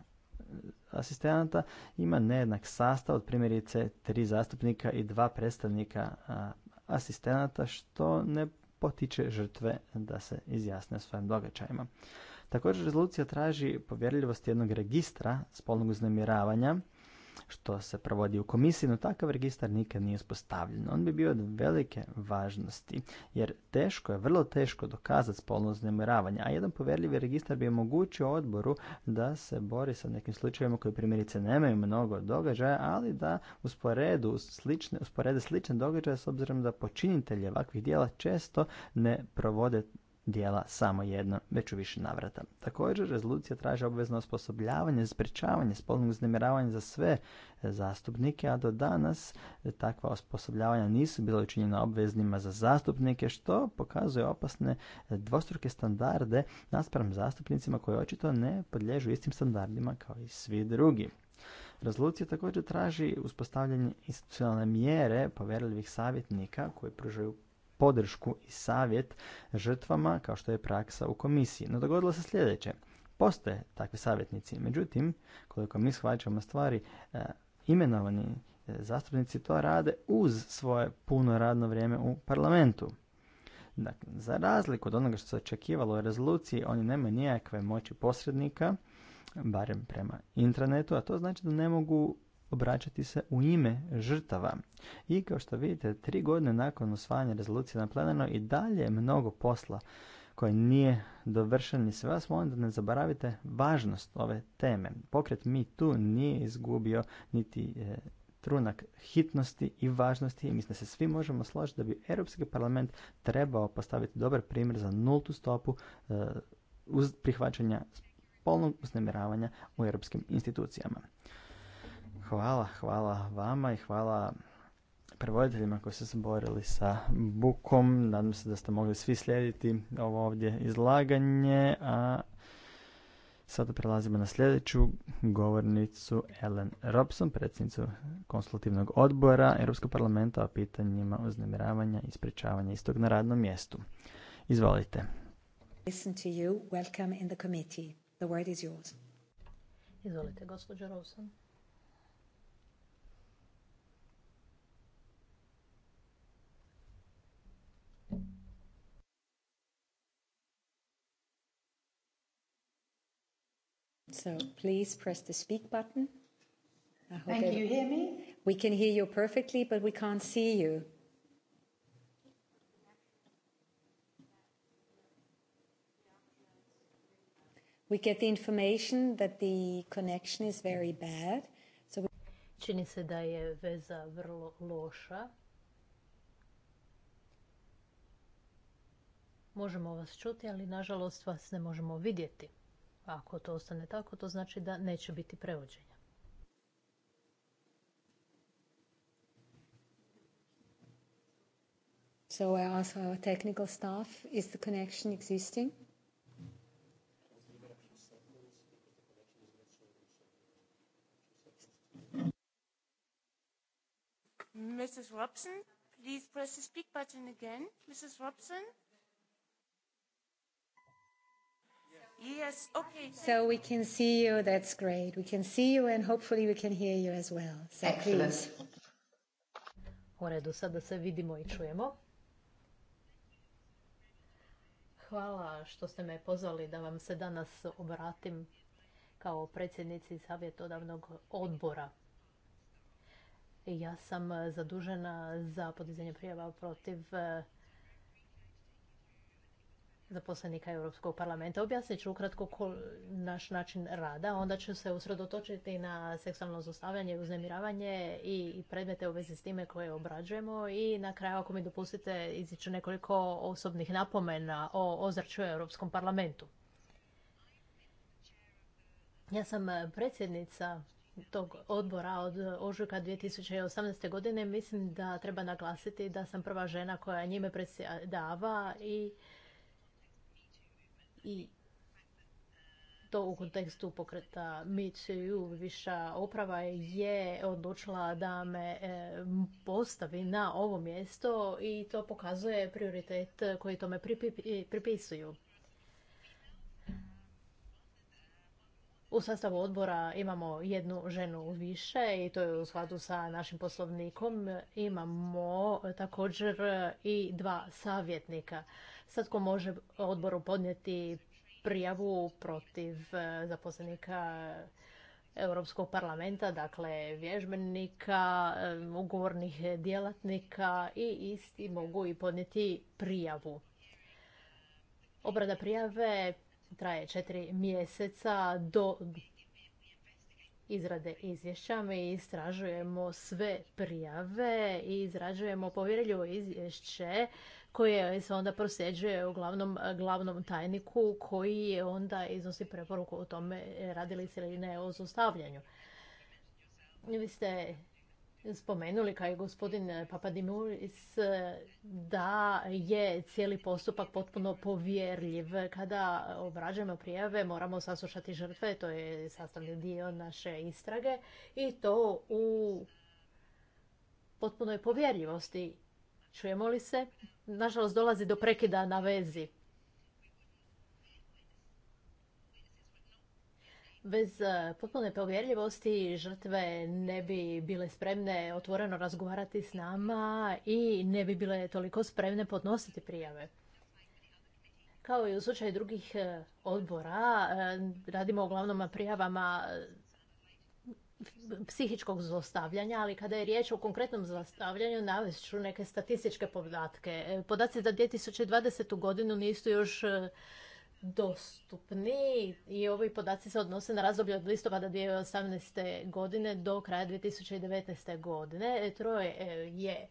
asistenata ima nejednak sastav od primjerice tri zastupnika i dva predstavnika asistenata što ne potiče žrtve da se izjasne o svojim događajima. Također rezolucija traži povjerljivost jednog registra spolnog uznemiravanja što se provodi u komisiji, no takav registar nikad nije uspostavljen. On bi bio od velike važnosti, jer teško je, vrlo teško dokazati spolno znemiravanje, a jedan povjerljivi registar bi omogućio odboru da se bori sa nekim slučajevima koji primjerice nemaju mnogo događaja, ali da usporedu usporede slične događaje s obzirom da počinitelji ovakvih dijela često ne provode dijela samo jedno, već u više navrata. Također, rezolucija traži obvezno osposobljavanje, sprečavanje spolnog uznemiravanja za sve e, zastupnike, a do danas e, takva osposobljavanja nisu bila učinjena obveznima za zastupnike, što pokazuje opasne e, dvostruke standarde naspram zastupnicima koji očito ne podlježu istim standardima kao i svi drugi. Rezolucija također traži uspostavljanje institucionalne mjere povjerljivih savjetnika koji pružaju podršku i savjet žrtvama kao što je praksa u komisiji. No dogodilo se sljedeće. Postoje takvi savjetnici, međutim, koliko mi shvaćamo stvari, e, imenovani e, zastupnici to rade uz svoje puno radno vrijeme u parlamentu. Dakle, za razliku od onoga što se očekivalo u rezoluciji, oni nemaju nijakve moći posrednika, barem prema intranetu, a to znači da ne mogu obraćati se u ime žrtava. I kao što vidite, tri godine nakon usvajanja rezolucije na plenarno i dalje je mnogo posla koji nije dovršen i sve vas molim da ne zaboravite važnost ove teme. Pokret mi tu nije izgubio niti e, trunak hitnosti i važnosti i mislim da se svi možemo složiti da bi Europski parlament trebao postaviti dobar primjer za nultu stopu e, uz prihvaćanja polnog uznemiravanja u europskim institucijama. Hvala, hvala vama i hvala prevoditeljima koji su se borili sa bukom. Nadam se da ste mogli svi slijediti ovo ovdje izlaganje, a sada prelazimo na sljedeću govornicu Ellen Robson, predsjednicu konsultativnog odbora Europskog parlamenta o pitanjima uznemiravanja i ispričavanja istog na radnom mjestu. Izvolite. Izvolite, gospođo Robson. So please press the speak button. I you. hear me? We can hear you perfectly, but we can't see you. We get the information that the connection is very bad. So we... Čini se da je veza vrlo loša. Možemo vas čuti, ali nažalost vas ne možemo vidjeti. Ako to ostane tako, to znači da neće biti prevođenja. So I ask our technical staff, is the connection existing? Mrs. Robson, please press the speak button again. Mrs. Robson? Yes, okay. So we can see you. That's great. We can see you and hopefully we can hear you as well. So please. U redu, sada se vidimo i čujemo. Hvala što ste me pozvali da vam se danas obratim kao predsjednici savjetodavnog odbora. Ja sam zadužena za podizanje prijava protiv eh, zaposlenika Europskog parlamenta. Objasnit ću ukratko naš način rada. Onda ću se usredotočiti na seksualno zlostavljanje, uznemiravanje i predmete u vezi s time koje obrađujemo. I na kraju, ako mi dopustite, iziću nekoliko osobnih napomena o ozračju Europskom parlamentu. Ja sam predsjednica tog odbora od ožujka 2018. godine. Mislim da treba naglasiti da sam prva žena koja njime predsjedava i i to u kontekstu pokreta MeToo viša oprava je odlučila da me e, postavi na ovo mjesto i to pokazuje prioritet koji tome pripisuju. U sastavu odbora imamo jednu ženu više i to je u skladu sa našim poslovnikom. Imamo također i dva savjetnika sad ko može odboru podnijeti prijavu protiv e, zaposlenika Europskog parlamenta, dakle vježbenika, e, ugovornih djelatnika i isti mogu i podnijeti prijavu. Obrada prijave traje četiri mjeseca do izrade izvješća. Mi istražujemo sve prijave i izrađujemo povjerljivo izvješće koje se onda prosjeđuje uglavnom eh, glavnom tajniku koji je onda iznosi preporuku o tome eh, radili se ili ne o zostavljanju. Vi ste spomenuli kao i gospodin eh, Papadimuris da je cijeli postupak potpuno povjerljiv. Kada obrađujemo prijave moramo saslušati žrtve, to je sastavni dio naše istrage i to u potpunoj povjerljivosti. Čujemo li se? Nažalost, dolazi do prekida na vezi. Bez e, potpune povjerljivosti žrtve ne bi bile spremne otvoreno razgovarati s nama i ne bi bile toliko spremne podnositi prijave. Kao i u slučaju drugih e, odbora, e, radimo uglavnom prijavama psihičkog zlostavljanja, ali kada je riječ o konkretnom zlostavljanju, navest ću neke statističke podatke. E, podaci za 2020. godinu nisu još e, dostupni i ovi podaci se odnose na razdoblje od listopada 2018. godine do kraja 2019. godine. E, troje je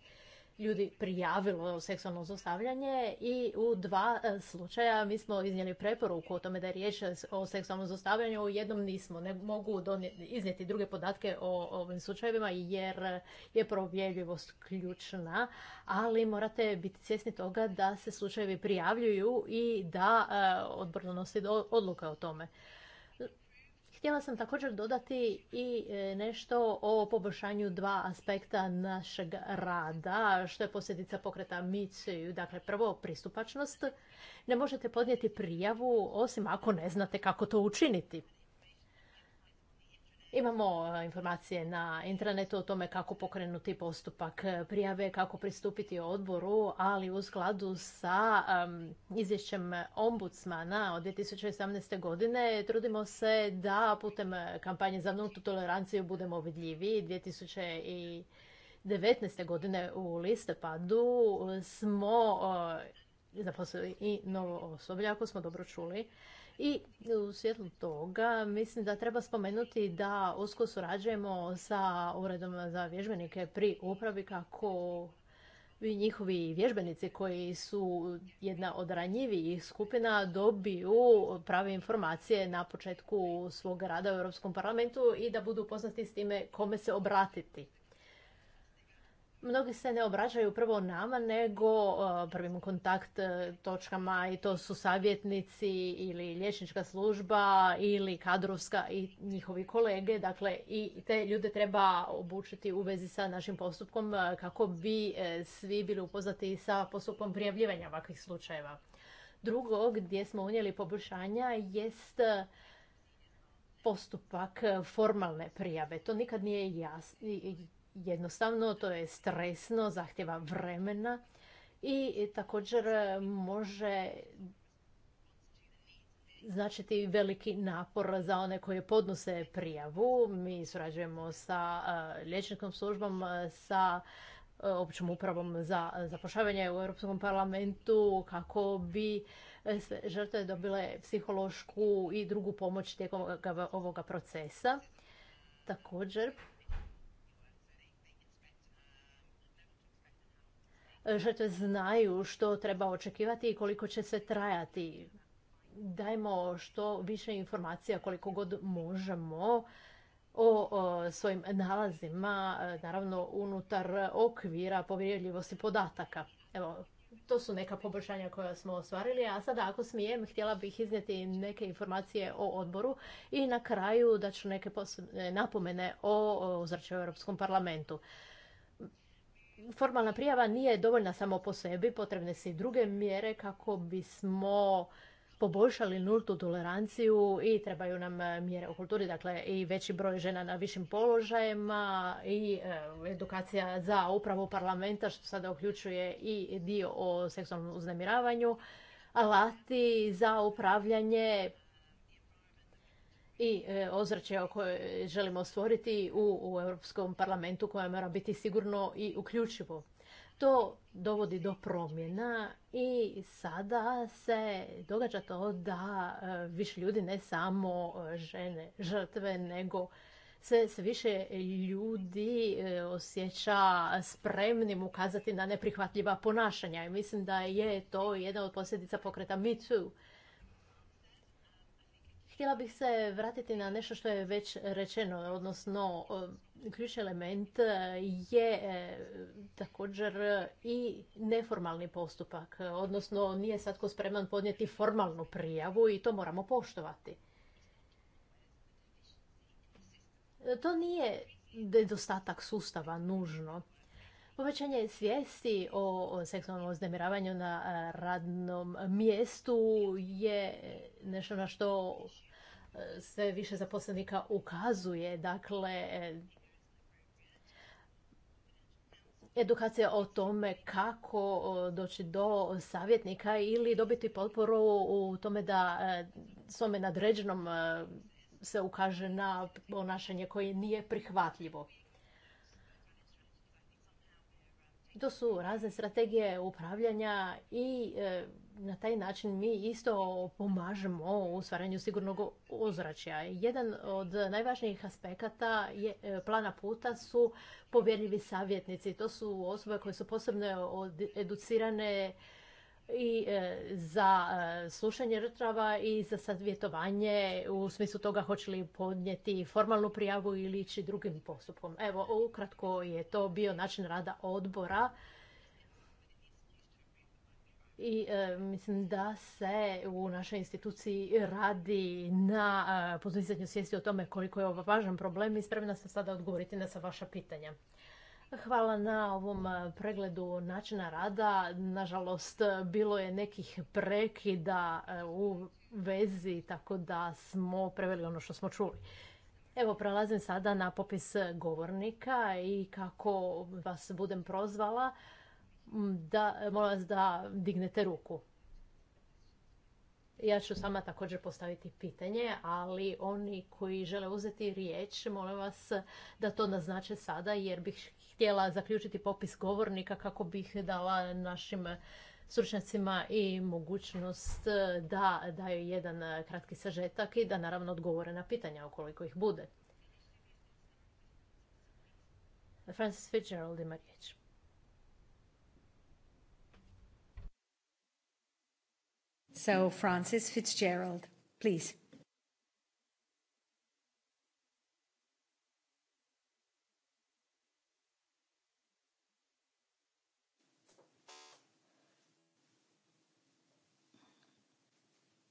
ljudi prijavilo seksualno zlostavljanje i u dva e, slučaja mi smo iznijeli preporuku o tome da je riječ o seksualnom zlostavljanju, u jednom nismo. Ne mogu iznijeti druge podatke o ovim slučajevima jer je provjerljivost ključna, ali morate biti svjesni toga da se slučajevi prijavljuju i da e, odbor donosi odluka o tome. Htjela sam također dodati i e, nešto o poboljšanju dva aspekta našeg rada, što je posljedica pokreta MICU. Dakle, prvo, pristupačnost. Ne možete podnijeti prijavu, osim ako ne znate kako to učiniti. Imamo e, informacije na internetu o tome kako pokrenuti postupak e, prijave, kako pristupiti odboru, ali u skladu sa izvješćem ombudsmana od 2018. godine trudimo se da putem kampanje za nultu toleranciju budemo vidljivi. 2019. godine u listopadu smo e, zaposlili i novo osoblje, ako smo dobro čuli, i u svjetlu toga mislim da treba spomenuti da usko surađujemo sa uredom za vježbenike pri upravi kako i njihovi vježbenici koji su jedna od ranjivijih skupina dobiju prave informacije na početku svog rada u Europskom parlamentu i da budu poznati s time kome se obratiti mnogi se ne obraćaju prvo nama, nego e, prvim kontakt e, točkama i to su savjetnici ili liječnička služba ili kadrovska i njihovi kolege. Dakle, i te ljude treba obučiti u vezi sa našim postupkom e, kako bi svi bili upoznati sa postupkom prijavljivanja ovakvih slučajeva. Drugo, gdje smo unijeli poboljšanja, jest postupak formalne prijave. To nikad nije jasno jednostavno, to je stresno, zahtjeva vremena i također može značiti veliki napor za one koje podnose prijavu. Mi surađujemo sa e, liječnikom službom, e, sa e, općom upravom za zapošljavanje u Europskom parlamentu kako bi sve žrtve dobile psihološku i drugu pomoć tijekom ovoga procesa. Također, E, žrtve znaju što treba očekivati i koliko će se trajati. Dajmo što više informacija koliko god možemo o, svojim nalazima, e, naravno unutar okvira povjerljivosti podataka. Evo, to su neka poboljšanja koja smo ostvarili, a sada ako smijem, htjela bih iznijeti neke informacije o odboru i na kraju da ću neke napomene o uzračaju u Europskom parlamentu formalna prijava nije dovoljna samo po sebi, potrebne su i druge mjere kako bismo poboljšali nultu toleranciju i trebaju nam e, mjere u kulturi, dakle i veći broj žena na višim položajima i e, edukacija za upravu parlamenta što sada uključuje i dio o seksualnom uznemiravanju, alati za upravljanje i e, ozračje koje želimo stvoriti u, Europskom parlamentu koje mora biti sigurno i uključivo. To dovodi do promjena i sada se događa to da e, više ljudi, ne samo e, žene žrtve, nego se se više ljudi osjeća spremnim ukazati na neprihvatljiva ponašanja. I mislim da je to jedna od posljedica pokreta MeToo Htjela bih se vratiti na nešto što je već rečeno, odnosno e, ključni element e, je e, također i neformalni postupak, odnosno nije svatko spreman podnijeti formalnu prijavu i to moramo poštovati. To nije nedostatak sustava nužno. Povećanje svijesti o seksualnom uznemiravanju na radnom mjestu je nešto na što sve više zaposlenika ukazuje. Dakle, edukacija o tome kako doći do savjetnika ili dobiti potporu u tome da e, svome nadređenom e, se ukaže na ponašanje koje nije prihvatljivo. To su razne strategije upravljanja i e, na taj način mi isto pomažemo u stvaranju sigurnog ozračja. Jedan od najvažnijih aspekata je, e, plana puta su povjerljivi savjetnici. To su osobe koje su posebno educirane i e, za e, slušanje žrtava i za savjetovanje u smislu toga hoće li podnijeti formalnu prijavu ili ići drugim postupkom. Evo, ukratko je to bio način rada odbora i e, mislim da se u našoj instituciji radi na e, podizanju svijesti o tome koliko je ovo važan problem i spremna sam sada odgovoriti na sva vaša pitanja. Hvala na ovom e, pregledu načina rada. Nažalost, bilo je nekih prekida e, u vezi, tako da smo preveli ono što smo čuli. Evo, prelazim sada na popis govornika i kako vas budem prozvala, Mm, da, molim vas da dignete ruku. Ja ću sama također postaviti pitanje, ali oni koji žele uzeti riječ, molim vas da to naznače sada, jer bih htjela zaključiti popis govornika kako bih dala našim stručnjacima i mogućnost da daju jedan kratki sažetak i da naravno odgovore na pitanja ukoliko ih bude. Francis Fitzgerald ima riječ. So Francis Fitzgerald, please.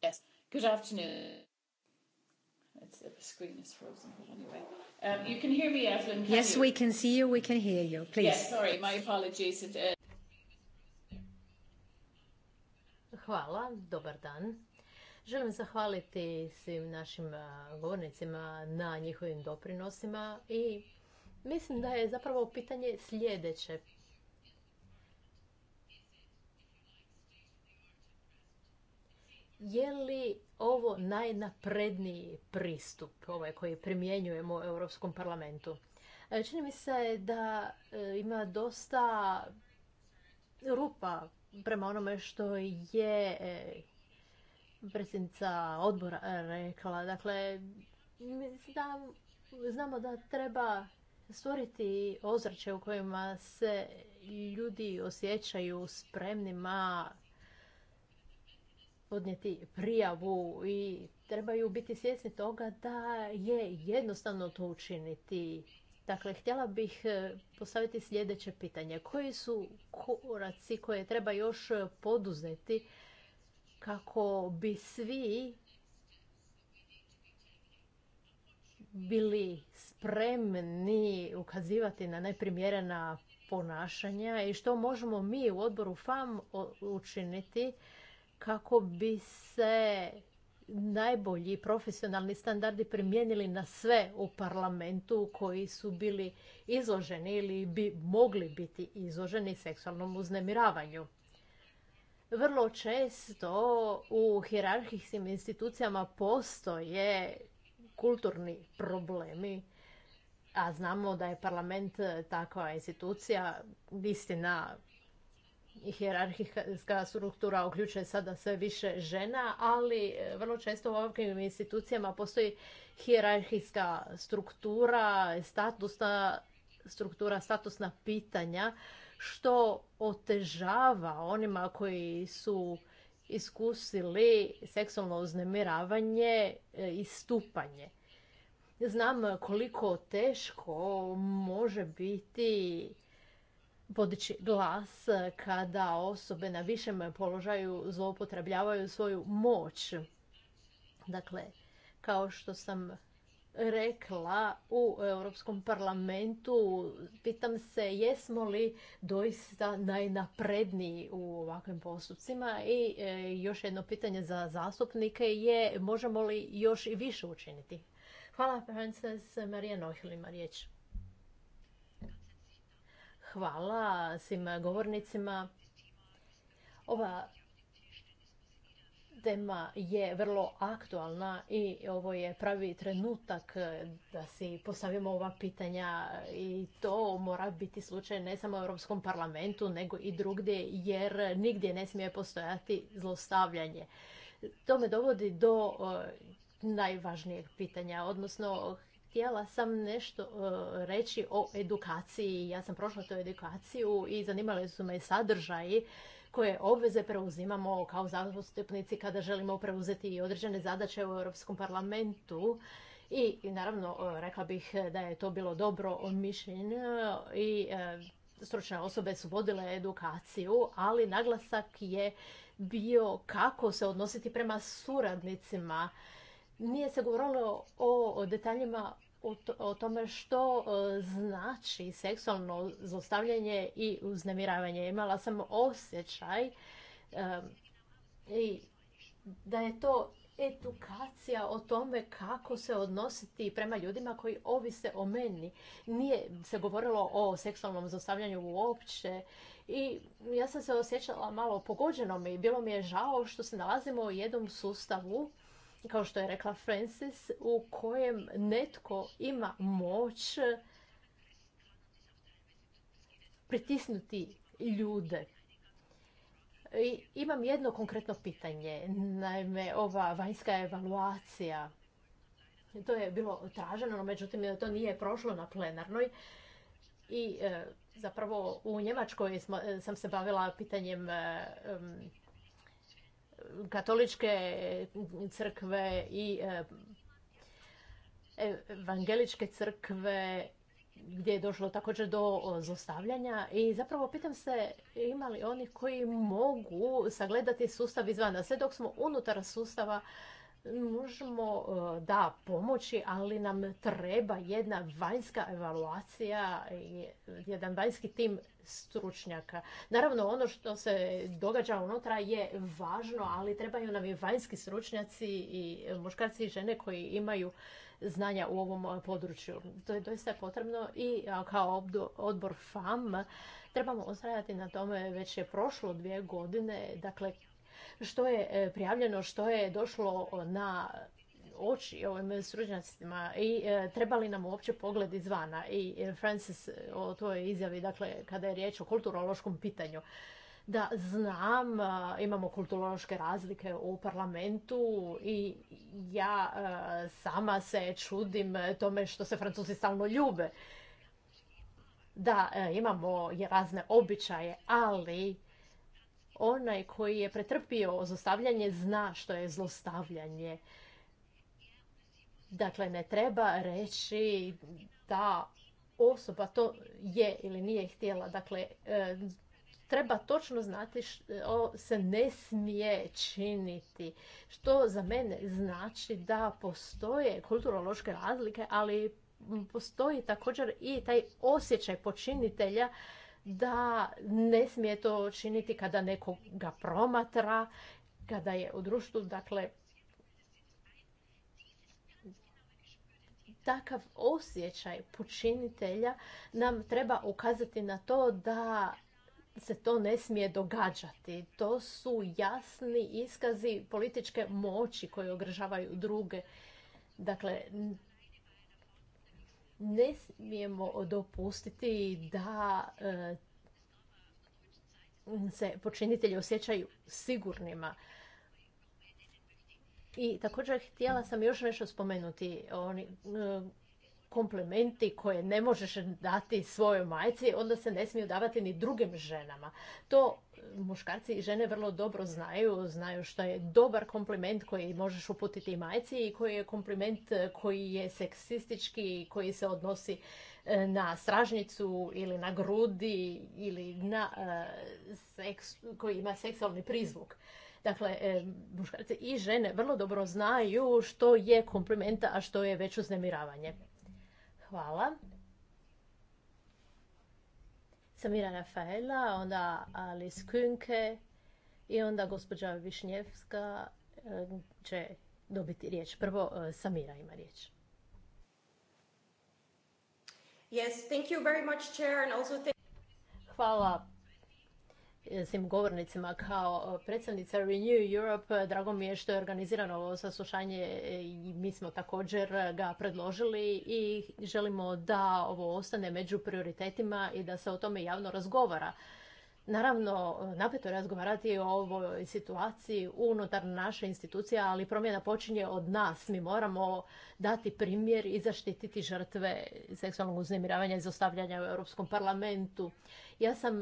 Yes, good afternoon. It's, the screen is frozen, but anyway. Um, you can hear me, Evelyn. yes, you? we can see you, we can hear you. Please. Yes, sorry, my apologies. It, uh, Hvala, dobar dan. Želim zahvaliti svim našim govornicima na njihovim doprinosima i mislim da je zapravo pitanje sljedeće. Je li ovo najnapredniji pristup ovaj koji primjenjujemo u Europskom parlamentu? E, čini mi se da e, ima dosta rupa prema onome što je e, predsjednica odbora e, rekla. Dakle, znamo da treba stvoriti ozračje u kojima se ljudi osjećaju spremnima podnijeti prijavu i trebaju biti svjesni toga da je jednostavno to učiniti Dakle, htjela bih e, postaviti sljedeće pitanje. Koji su koraci koje treba još e, poduzeti kako bi svi bili spremni ukazivati na neprimjerena ponašanja i što možemo mi u odboru FAM učiniti kako bi se najbolji profesionalni standardi primijenili na sve u parlamentu koji su bili izloženi ili bi mogli biti izloženi seksualnom uznemiravanju. Vrlo često u hirarhijskim institucijama postoje kulturni problemi, a znamo da je parlament takva institucija, istina hjerarhijska struktura uključuje sada sve više žena, ali e, vrlo često u ovakvim institucijama postoji hjerarhijska struktura, statusna struktura, statusna pitanja, što otežava onima koji su iskusili seksualno uznemiravanje e, i stupanje. Znam koliko teško može biti podići glas e, kada osobe na višem položaju zloupotrebljavaju svoju moć. Dakle, kao što sam rekla u Europskom parlamentu, pitam se jesmo li doista najnapredniji u ovakvim postupcima i e, još jedno pitanje za zastupnike je možemo li još i više učiniti. Hvala, Frances Marija Nohil riječ hvala svim govornicima. Ova tema je vrlo aktualna i ovo je pravi trenutak da si postavimo ova pitanja i to mora biti slučaj ne samo u Europskom parlamentu nego i drugdje jer nigdje ne smije postojati zlostavljanje. To me dovodi do eh, najvažnijeg pitanja, odnosno htjela sam nešto e, reći o edukaciji. Ja sam prošla tu edukaciju i zanimali su me sadržaji koje obveze preuzimamo kao zastupnici kada želimo preuzeti i određene zadaće u Europskom parlamentu. I naravno e, rekla bih da je to bilo dobro mišljenje i e, stručne osobe su vodile edukaciju, ali naglasak je bio kako se odnositi prema suradnicima nije se govorilo o detaljima o tome što e, znači seksualno zlostavljanje i uznemiravanje. Imala sam osjećaj e, i da je to edukacija o tome kako se odnositi prema ljudima koji ovise o meni. Nije se govorilo o seksualnom zlostavljanju uopće i ja sam se osjećala malo pogođenom i bilo mi je žao što se nalazimo u jednom sustavu kao što je rekla Francis, u kojem netko ima moć pritisnuti ljude. I imam jedno konkretno pitanje. Naime, ova vanjska evaluacija, to je bilo traženo, no međutim to nije prošlo na plenarnoj. I e, zapravo u Njemačkoj e, sam se bavila pitanjem e, katoličke crkve i e, evangeličke crkve gdje je došlo također do zostavljanja i zapravo pitam se ima li onih koji mogu sagledati sustav izvana. Sve dok smo unutar sustava možemo e, da pomoći, ali nam treba jedna vanjska evaluacija, jedan vanjski tim stručnjaka. Naravno, ono što se događa unutra je važno, ali trebaju nam i vanjski stručnjaci i muškarci i žene koji imaju znanja u ovom području. To je doista potrebno i kao odbor FAM trebamo ostajati na tome, već je prošlo dvije godine, dakle što je e, prijavljeno, što je došlo na oči ovim stručnjacima i e, trebali nam uopće pogled izvana. I e, Francis o toj izjavi, dakle, kada je riječ o kulturološkom pitanju, da znam, imamo kulturološke razlike u parlamentu i ja sama se čudim tome što se Francuzi stalno ljube. Da, imamo razne običaje, ali onaj koji je pretrpio zlostavljanje zna što je zlostavljanje. Dakle, ne treba reći da osoba to je ili nije htjela. Dakle, e, treba točno znati što se ne smije činiti. Što za mene znači da postoje kulturološke razlike, ali postoji također i taj osjećaj počinitelja da ne smije to činiti kada ga promatra, kada je u društvu, dakle, takav osjećaj počinitelja nam treba ukazati na to da se to ne smije događati. To su jasni iskazi političke moći koje ogržavaju druge. Dakle, ne smijemo dopustiti da e, se počinitelji osjećaju sigurnima. I također htjela sam još nešto spomenuti. Oni e, komplementi koje ne možeš dati svojoj majci, onda se ne smiju davati ni drugim ženama. To muškarci i žene vrlo dobro znaju, znaju što je dobar kompliment koji možeš uputiti majci i koji je kompliment koji je seksistički, koji se odnosi e, na stražnicu ili na grudi ili na e, seks, koji ima seksualni prizvuk. Dakle, e, muškarci i žene vrlo dobro znaju što je kompliment, a što je već uznemiravanje. Hvala. Samira Rafaela, onda Alice Künke i onda gospođa Višnjevska eh, će dobiti riječ. Prvo eh, Samira ima riječ. Yes, Hvala E, svim govornicima kao e, predsjednica Renew Europe. E, drago mi je što je organizirano ovo saslušanje i mi smo također ga predložili i želimo da ovo ostane među prioritetima i da se o tome javno razgovara. Naravno, napeto je razgovarati o ovoj situaciji unutar naše institucije, ali promjena počinje od nas. Mi moramo dati primjer i zaštititi žrtve seksualnog uznemiravanja i zostavljanja u Europskom parlamentu. Ja sam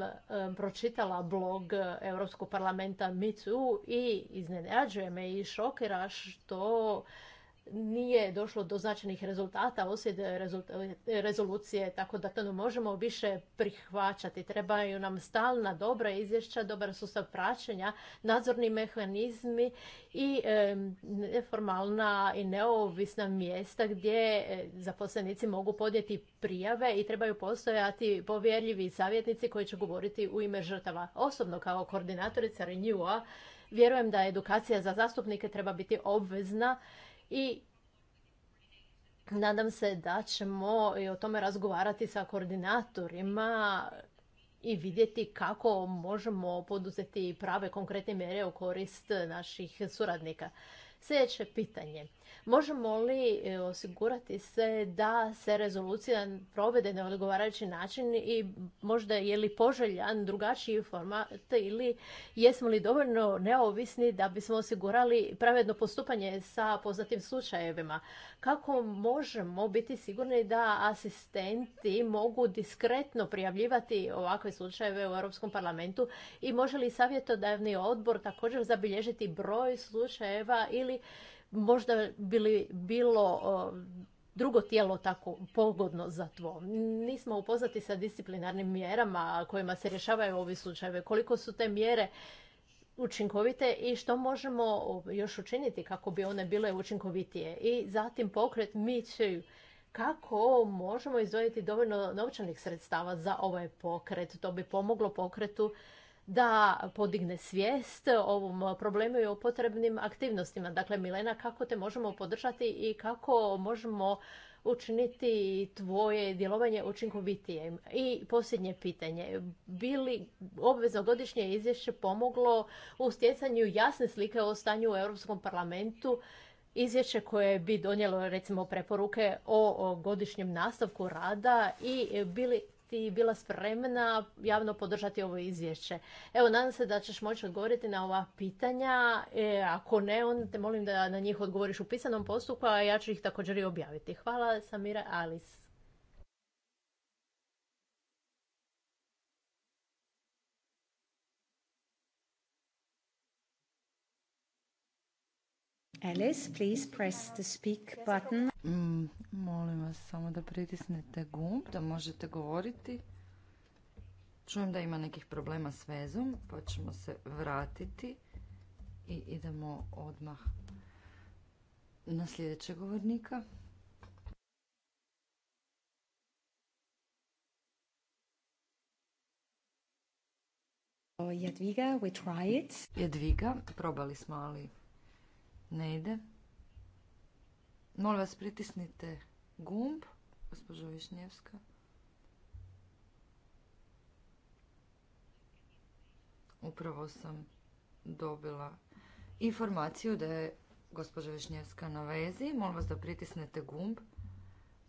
pročitala blog e, Europskog parlamenta Micu i iznenađuje me i šokira što nije došlo do značajnih rezultata osjed rezolucije, tako da to ne možemo više prihvaćati. Trebaju nam stalna dobra izvješća, dobar sustav praćenja, nadzorni mehanizmi i neformalna i neovisna mjesta gdje e, zaposlenici mogu podnijeti prijave i trebaju postojati povjerljivi savjetnici koji će govoriti u ime žrtava. Osobno kao koordinatorica Renewa vjerujem da edukacija za zastupnike treba biti obvezna i nadam se da ćemo i o tome razgovarati sa koordinatorima i vidjeti kako možemo poduzeti prave konkretne mjere u korist naših suradnika. Sljedeće pitanje. Možemo li e, osigurati se da se rezolucija provede na odgovarajući način i možda je li poželjan drugačiji format ili jesmo li dovoljno neovisni da bismo osigurali pravedno postupanje sa poznatim slučajevima? Kako možemo biti sigurni da asistenti mogu diskretno prijavljivati ovakve slučajeve u Europskom parlamentu i može li savjetodavni odbor također zabilježiti broj slučajeva ili možda bi li bilo drugo tijelo tako pogodno za to. Nismo upoznati sa disciplinarnim mjerama kojima se rješavaju ovi slučajeve. Koliko su te mjere učinkovite i što možemo još učiniti kako bi one bile učinkovitije. I zatim pokret mi kako možemo izdvojiti dovoljno novčanih sredstava za ovaj pokret. To bi pomoglo pokretu da podigne svijest o ovom problemu i o potrebnim aktivnostima. Dakle, Milena, kako te možemo podržati i kako možemo učiniti tvoje djelovanje učinkovitije? I posljednje pitanje, bi li obvezno godišnje izvješće pomoglo u stjecanju jasne slike o stanju u Europskom parlamentu izvješće koje bi donijelo recimo preporuke o godišnjem nastavku rada i bili i bila spremna javno podržati ovo izvješće. Evo, nadam se da ćeš moći odgovoriti na ova pitanja. E, ako ne, onda te molim da na njih odgovoriš u pisanom postupku, a ja ću ih također i objaviti. Hvala Samira Alice. Alice, please press the speak button. Mm, molim vas samo da pritisnete gumb, da možete govoriti. Čujem da ima nekih problema s vezom, pa ćemo se vratiti i idemo odmah na sljedećeg govornika. Jedviga, we try it. Jadviga, probali smo, ali ne ide. Molim vas pritisnite gumb, gospođo Višnjevska. Upravo sam dobila informaciju da je gospođa Višnjevska na vezi. Molim vas da pritisnete gumb.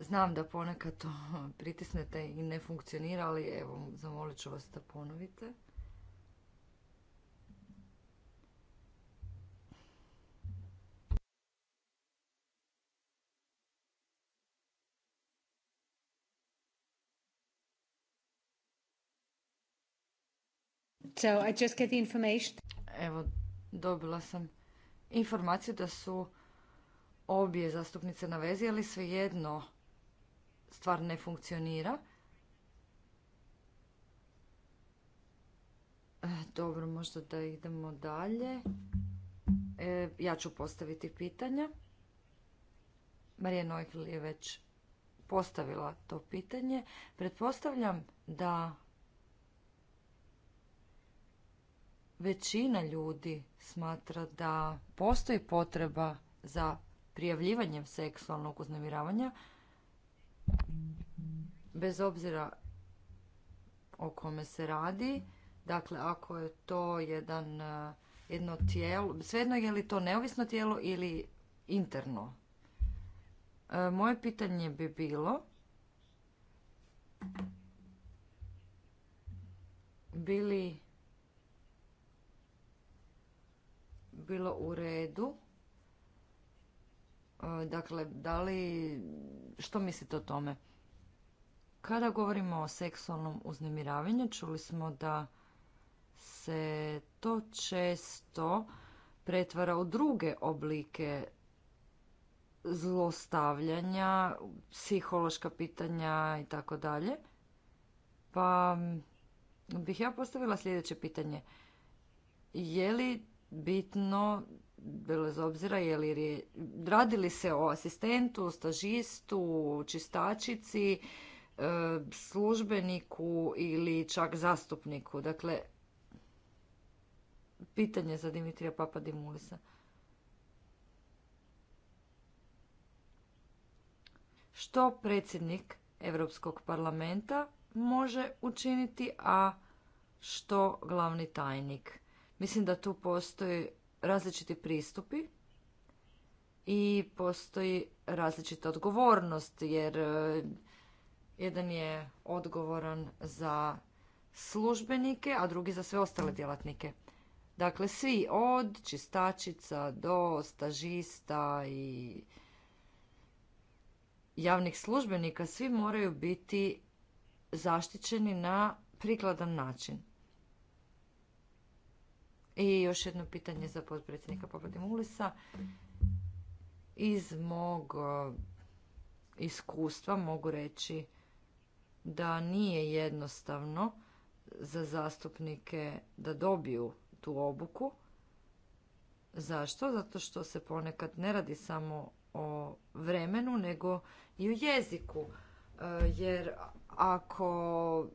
Znam da ponekad to [laughs] pritisnete i ne funkcionira, ali evo, zamolit ću vas da ponovite. So information. Evo, dobila sam informaciju da su obje zastupnice na vezi, ali svejedno stvar ne funkcionira. E, dobro, možda da idemo dalje. E, ja ću postaviti pitanja. Marija je već postavila to pitanje. Pretpostavljam da većina ljudi smatra da postoji potreba za prijavljivanjem seksualnog uznemiravanja bez obzira o kome se radi. Dakle, ako je to jedan, eh, jedno tijelo, svejedno je li to neovisno tijelo ili interno. Eh, moje pitanje bi bilo bili bilo u redu. E, dakle, da li, što mislite o tome? Kada govorimo o seksualnom uznemiravanju, čuli smo da se to često pretvara u druge oblike zlostavljanja, psihološka pitanja i tako dalje. Pa bih ja postavila sljedeće pitanje. Je li bitno, bez obzira je li radili se o asistentu, stažistu, čistačici, e, službeniku ili čak zastupniku. Dakle, pitanje za Dimitrija Papadimulisa. Što predsjednik Europskog parlamenta može učiniti, a što glavni tajnik? Mislim da tu postoji različiti pristupi i postoji različita odgovornost jer e, jedan je odgovoran za službenike, a drugi za sve ostale mm. djelatnike. Dakle, svi od čistačica do stažista i javnih službenika, svi moraju biti zaštićeni na prikladan način. I još jedno pitanje za potpredsjednika mulisa Iz mog e, iskustva mogu reći da nije jednostavno za zastupnike da dobiju tu obuku. Zašto? Zato što se ponekad ne radi samo o vremenu, nego i o jeziku. E, jer ako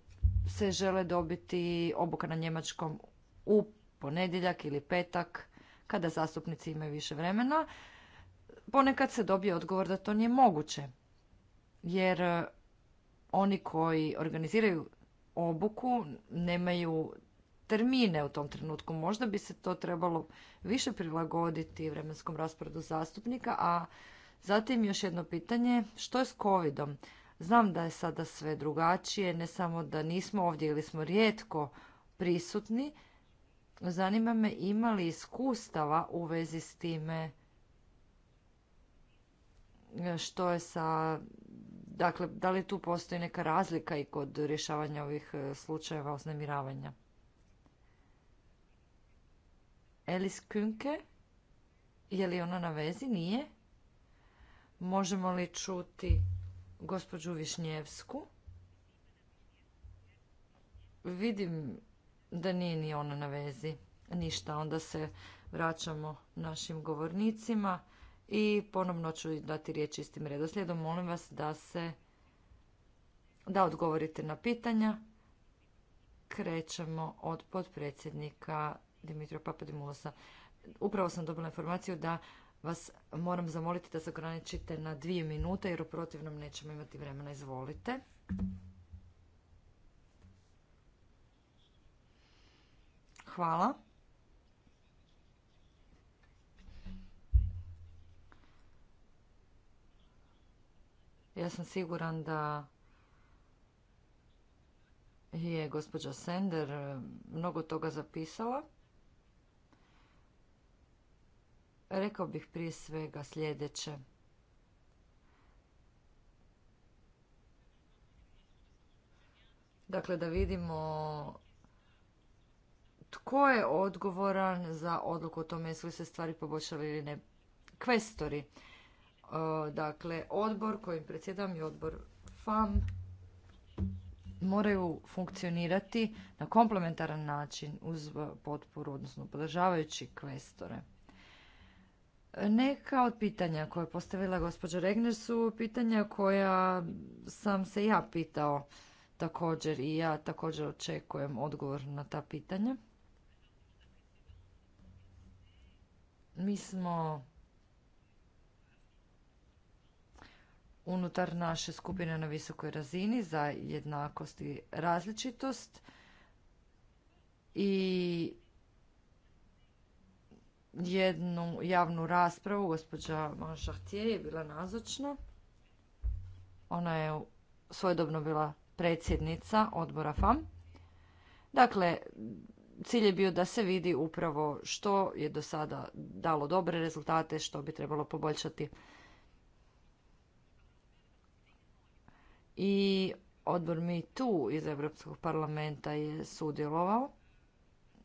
se žele dobiti obuka na njemačkom u ponedjeljak ili petak kada zastupnici imaju više vremena, ponekad se dobije odgovor da to nije moguće. Jer e, oni koji organiziraju obuku nemaju termine u tom trenutku. Možda bi se to trebalo više prilagoditi vremenskom rasporedu zastupnika, a zatim još jedno pitanje, što je s covidom? Znam da je sada sve drugačije, ne samo da nismo ovdje ili smo rijetko prisutni, Zanima me ima li iskustava u vezi s time što je sa, dakle, da li tu postoji neka razlika i kod rješavanja ovih e, slučajeva uznemiravanja? Elis Künke, je li ona na vezi? Nije. Možemo li čuti gospođu Višnjevsku? Vidim da nije ni ona na vezi. Ništa, onda se vraćamo našim govornicima i ponovno ću dati riječ istim redoslijedom. Molim vas da se da odgovorite na pitanja. Krećemo od podpredsjednika Dimitrija Papadimulosa. Upravo sam dobila informaciju da vas moram zamoliti da se ograničite na dvije minute jer u protivnom nećemo imati vremena. Izvolite. Hvala. Ja sam siguran da je gospođa Sender e, mnogo toga zapisala. Rekao bih prije svega sljedeće. Dakle, da vidimo tko je odgovoran za odluku o tome jesu li se stvari poboljšale ili ne. Kvestori. E, dakle, odbor kojim predsjedam i odbor FAM moraju funkcionirati na komplementaran način uz potporu, odnosno podržavajući kvestore. Neka od pitanja koje je postavila gospođa Regner su pitanja koja sam se ja pitao također i ja također očekujem odgovor na ta pitanja. Mi smo unutar naše skupine na visokoj razini za jednakost i različitost i jednu javnu raspravu gospođa Manšahtije je bila nazočna. Ona je svojedobno bila predsjednica odbora FAM. Dakle, Cilj je bio da se vidi upravo što je do sada dalo dobre rezultate, što bi trebalo poboljšati. I odbor mi tu iz Europskog parlamenta je sudjelovao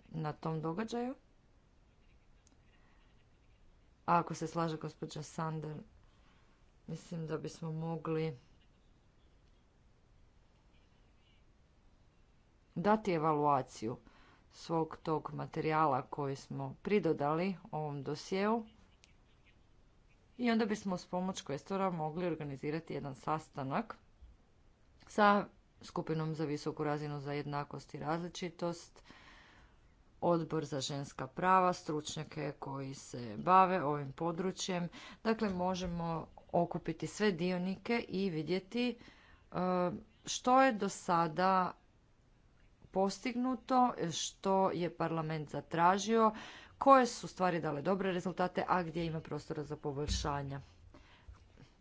na tom događaju. A ako se slaže gospođa Sander, mislim da bismo mogli dati evaluaciju svog tog materijala koji smo pridodali ovom dosjeu i onda bismo s pomoć Questora mogli organizirati jedan sastanak sa skupinom za visoku razinu za jednakost i različitost, odbor za ženska prava, stručnjake koji se bave ovim područjem. Dakle, možemo okupiti sve dionike i vidjeti e, što je do sada postignuto, što je parlament zatražio, koje su stvari dale dobre rezultate, a gdje ima prostora za poboljšanja.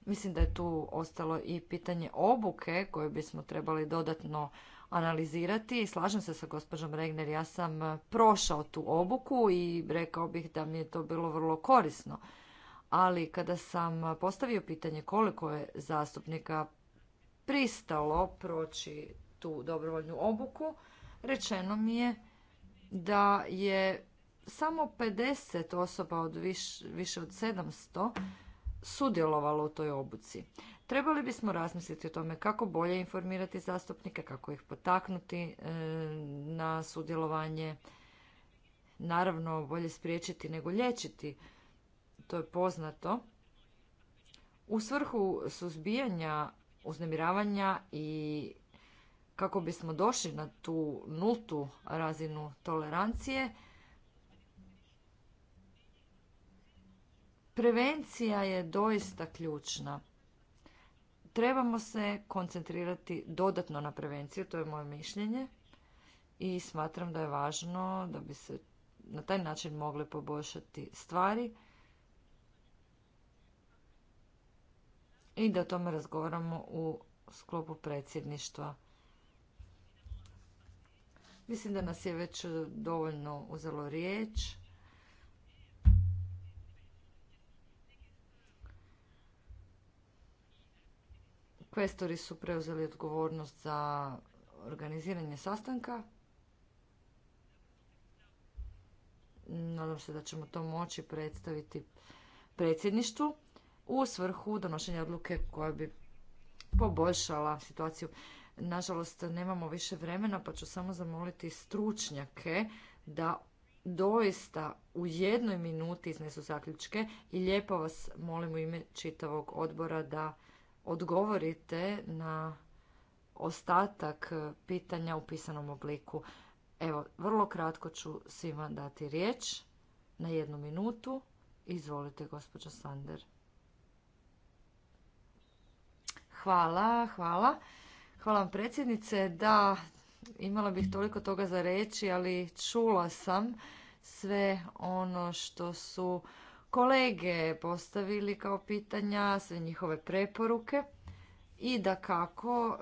Mislim da je tu ostalo i pitanje obuke koje bismo trebali dodatno analizirati. Slažem se sa gospođom Regner, ja sam prošao tu obuku i rekao bih da mi je to bilo vrlo korisno. Ali kada sam postavio pitanje koliko je zastupnika pristalo proći tu dobrovoljnu obuku, rečeno mi je da je samo 50 osoba od više od 700 sudjelovalo u toj obuci. Trebali bismo razmisliti o tome kako bolje informirati zastupnike, kako ih potaknuti e, na sudjelovanje. Naravno, bolje spriječiti nego liječiti. To je poznato. U svrhu suzbijanja uznemiravanja i kako bismo došli na tu nultu razinu tolerancije, prevencija je doista ključna. Trebamo se koncentrirati dodatno na prevenciju, to je moje mišljenje. I smatram da je važno da bi se na taj način mogle poboljšati stvari. I da o tome razgovaramo u sklopu predsjedništva. Mislim da nas je već dovoljno uzelo riječ. Kvestori su preuzeli odgovornost za organiziranje sastanka. Nadam se da ćemo to moći predstaviti predsjedništvu u svrhu donošenja odluke koja bi poboljšala situaciju. Nažalost, nemamo više vremena pa ću samo zamoliti stručnjake da doista u jednoj minuti iznesu zaključke i lijepo vas molim u ime čitavog odbora da odgovorite na ostatak pitanja u pisanom obliku. Evo, vrlo kratko ću svima dati riječ na jednu minutu. Izvolite, gospođo Sander. Hvala, hvala. Hvala vam predsjednice. Da, imala bih toliko toga za reći, ali čula sam sve ono što su kolege postavili kao pitanja, sve njihove preporuke i da kako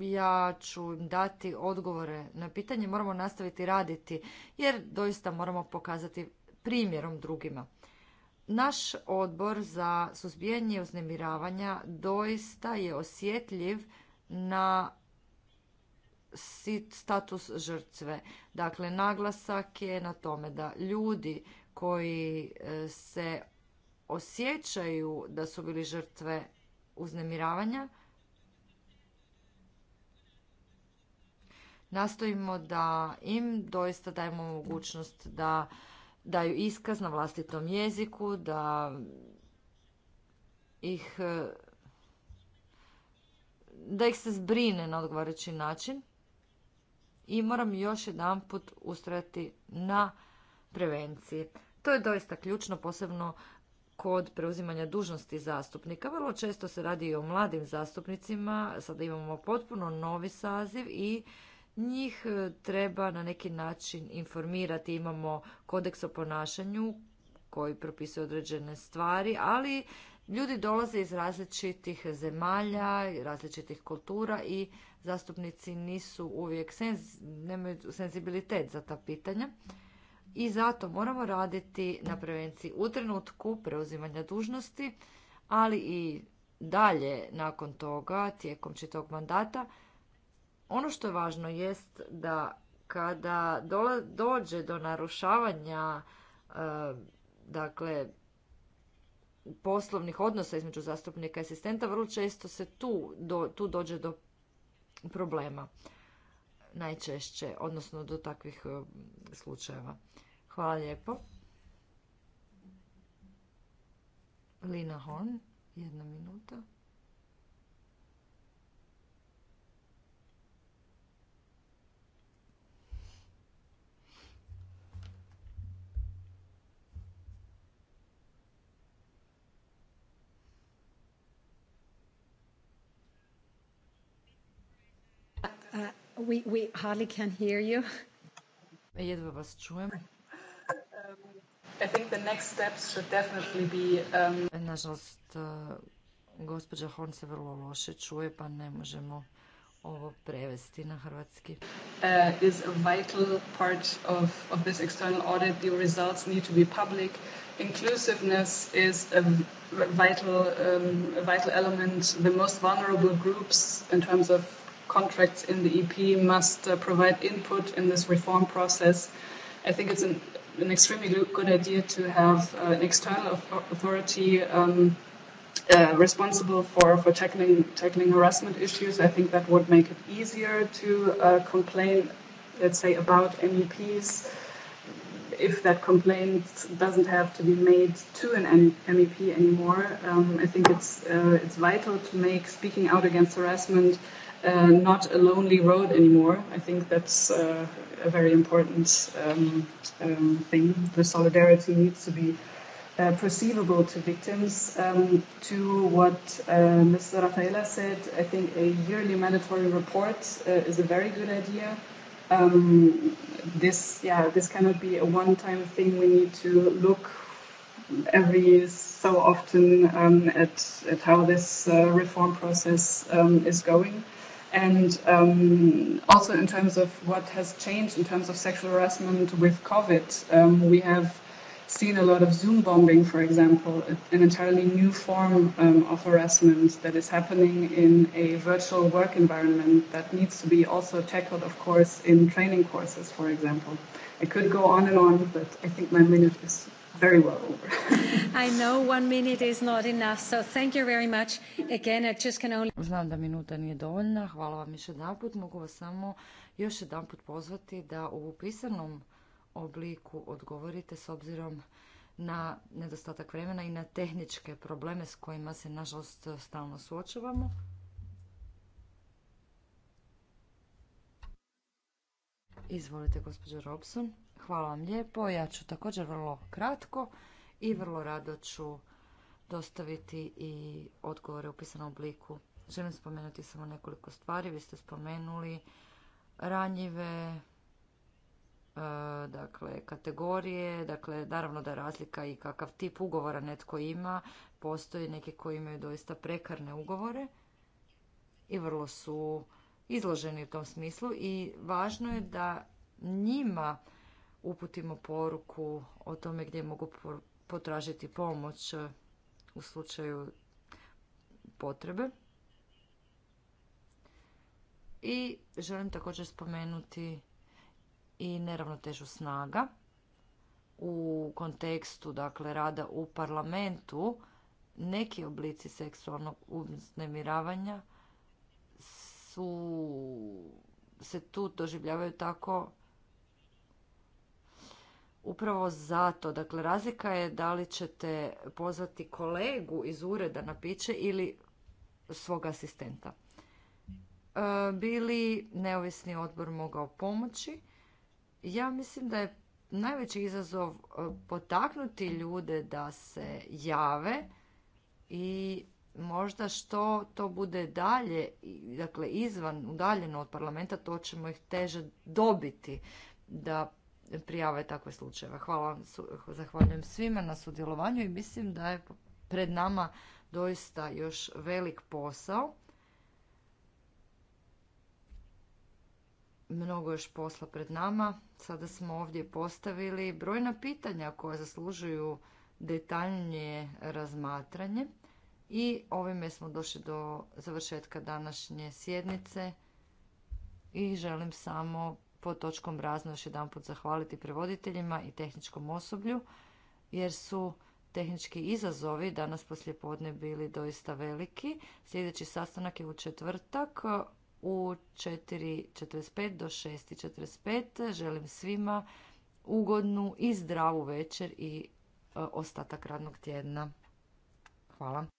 e, ja ću dati odgovore na pitanje, moramo nastaviti raditi jer doista moramo pokazati primjerom drugima. Naš odbor za suzbijanje uznemiravanja doista je osjetljiv na status žrtve. Dakle, naglasak je na tome da ljudi koji e, se osjećaju da su bili žrtve uznemiravanja, nastojimo da im doista dajemo mogućnost da daju iskaz na vlastitom jeziku, da ih e, da ih se zbrine na odgovarajući način i moram još jedanput ustrajati na prevenciji. To je doista ključno, posebno kod preuzimanja dužnosti zastupnika. Vrlo često se radi i o mladim zastupnicima, sada imamo potpuno novi saziv i njih e, treba na neki način informirati. Imamo kodeks o ponašanju koji propisuje određene stvari, ali Ljudi dolaze iz različitih zemalja, različitih kultura i zastupnici nisu uvijek nemaju senzibilitet za ta pitanja. I zato moramo raditi na prevenciji u trenutku preuzimanja dužnosti, ali i dalje nakon toga, tijekom čitog mandata. Ono što je važno jest da kada dođe do narušavanja eh, dakle poslovnih odnosa između zastupnika i asistenta, vrlo često se tu, do, tu dođe do problema najčešće, odnosno do takvih e, slučajeva. Hvala lijepo. Lina Horn, jedna minuta. Uh, we, we hardly can hear you. Jedva vas čujem. I think the next steps should definitely be... Um... Nažalost, uh, gospođa Horn se vrlo loše čuje, pa ne možemo ovo prevesti na hrvatski. Uh, is a vital part of, of this external audit. The results need to be public. Inclusiveness is a vital, um, a vital element. The most vulnerable groups in terms of contracts in the EP must uh, provide input in this reform process. I think it's an, an extremely good idea to have uh, an external authority um, uh, responsible for, for tackling, tackling harassment issues. I think that would make it easier to uh, complain, let's say, about MEPs if that complaint doesn't have to be made to an MEP anymore. Um, I think it's uh, it's vital to make speaking out against harassment uh, not a lonely road anymore. I think that's uh, a very important um, um, thing. The solidarity needs to be uh, perceivable to victims. Um, to what uh, Mr. Rafaela said, I think a yearly mandatory report uh, is a very good idea. Um, this, yeah, this cannot be a one-time thing. We need to look every so often um, at, at how this uh, reform process um, is going. And um, also in terms of what has changed in terms of sexual harassment with COVID, um, we have seen a lot of Zoom bombing, for example, an entirely new form um, of harassment that is happening in a virtual work environment that needs to be also tackled, of course, in training courses, for example. I could go on and on, but I think my minute is very well over. [laughs] I know one minute is not enough, so thank you very much. Again, I just can only... Znam da minuta nije dovoljna, hvala vam još jedan put. Mogu vas samo još jedan put pozvati da u pisanom obliku odgovorite s obzirom na nedostatak vremena i na tehničke probleme s kojima se nažalost stalno suočavamo. Izvolite, gospođo Robson. Hvala vam lijepo. Ja ću također vrlo kratko i vrlo rado ću dostaviti i odgovore u pisanom obliku. Želim spomenuti samo nekoliko stvari. Vi ste spomenuli ranjive e, dakle, kategorije, dakle, naravno da razlika i kakav tip ugovora netko ima. Postoje neki koji imaju doista prekarne ugovore i vrlo su izloženi u tom smislu i važno je da njima uputimo poruku o tome gdje mogu potražiti pomoć e, u slučaju potrebe. I želim također spomenuti i neravnotežu snaga u kontekstu dakle rada u parlamentu neki oblici seksualnog uznemiravanja su se tu doživljavaju tako Upravo zato, dakle razlika je da li ćete pozvati kolegu iz ureda na piće ili svog asistenta. E, bili neovisni odbor mogao pomoći? Ja mislim da je najveći izazov e, potaknuti ljude da se jave i možda što to bude dalje, dakle izvan, udaljeno od parlamenta, to ćemo ih teže dobiti da prijave takve slučajeve. Hvala, zahvaljujem svima na sudjelovanju i mislim da je pred nama doista još velik posao. Mnogo još posla pred nama. Sada smo ovdje postavili brojna pitanja koja zaslužuju detaljnije razmatranje. I ovime smo došli do završetka današnje sjednice i želim samo pod točkom razno još jedanput zahvaliti prevoditeljima i tehničkom osoblju jer su tehnički izazovi danas poslijepodne bili doista veliki. Sljedeći sastanak je u četvrtak u 4.45 do 6.45. Želim svima ugodnu i zdravu večer i e, ostatak radnog tjedna. Hvala.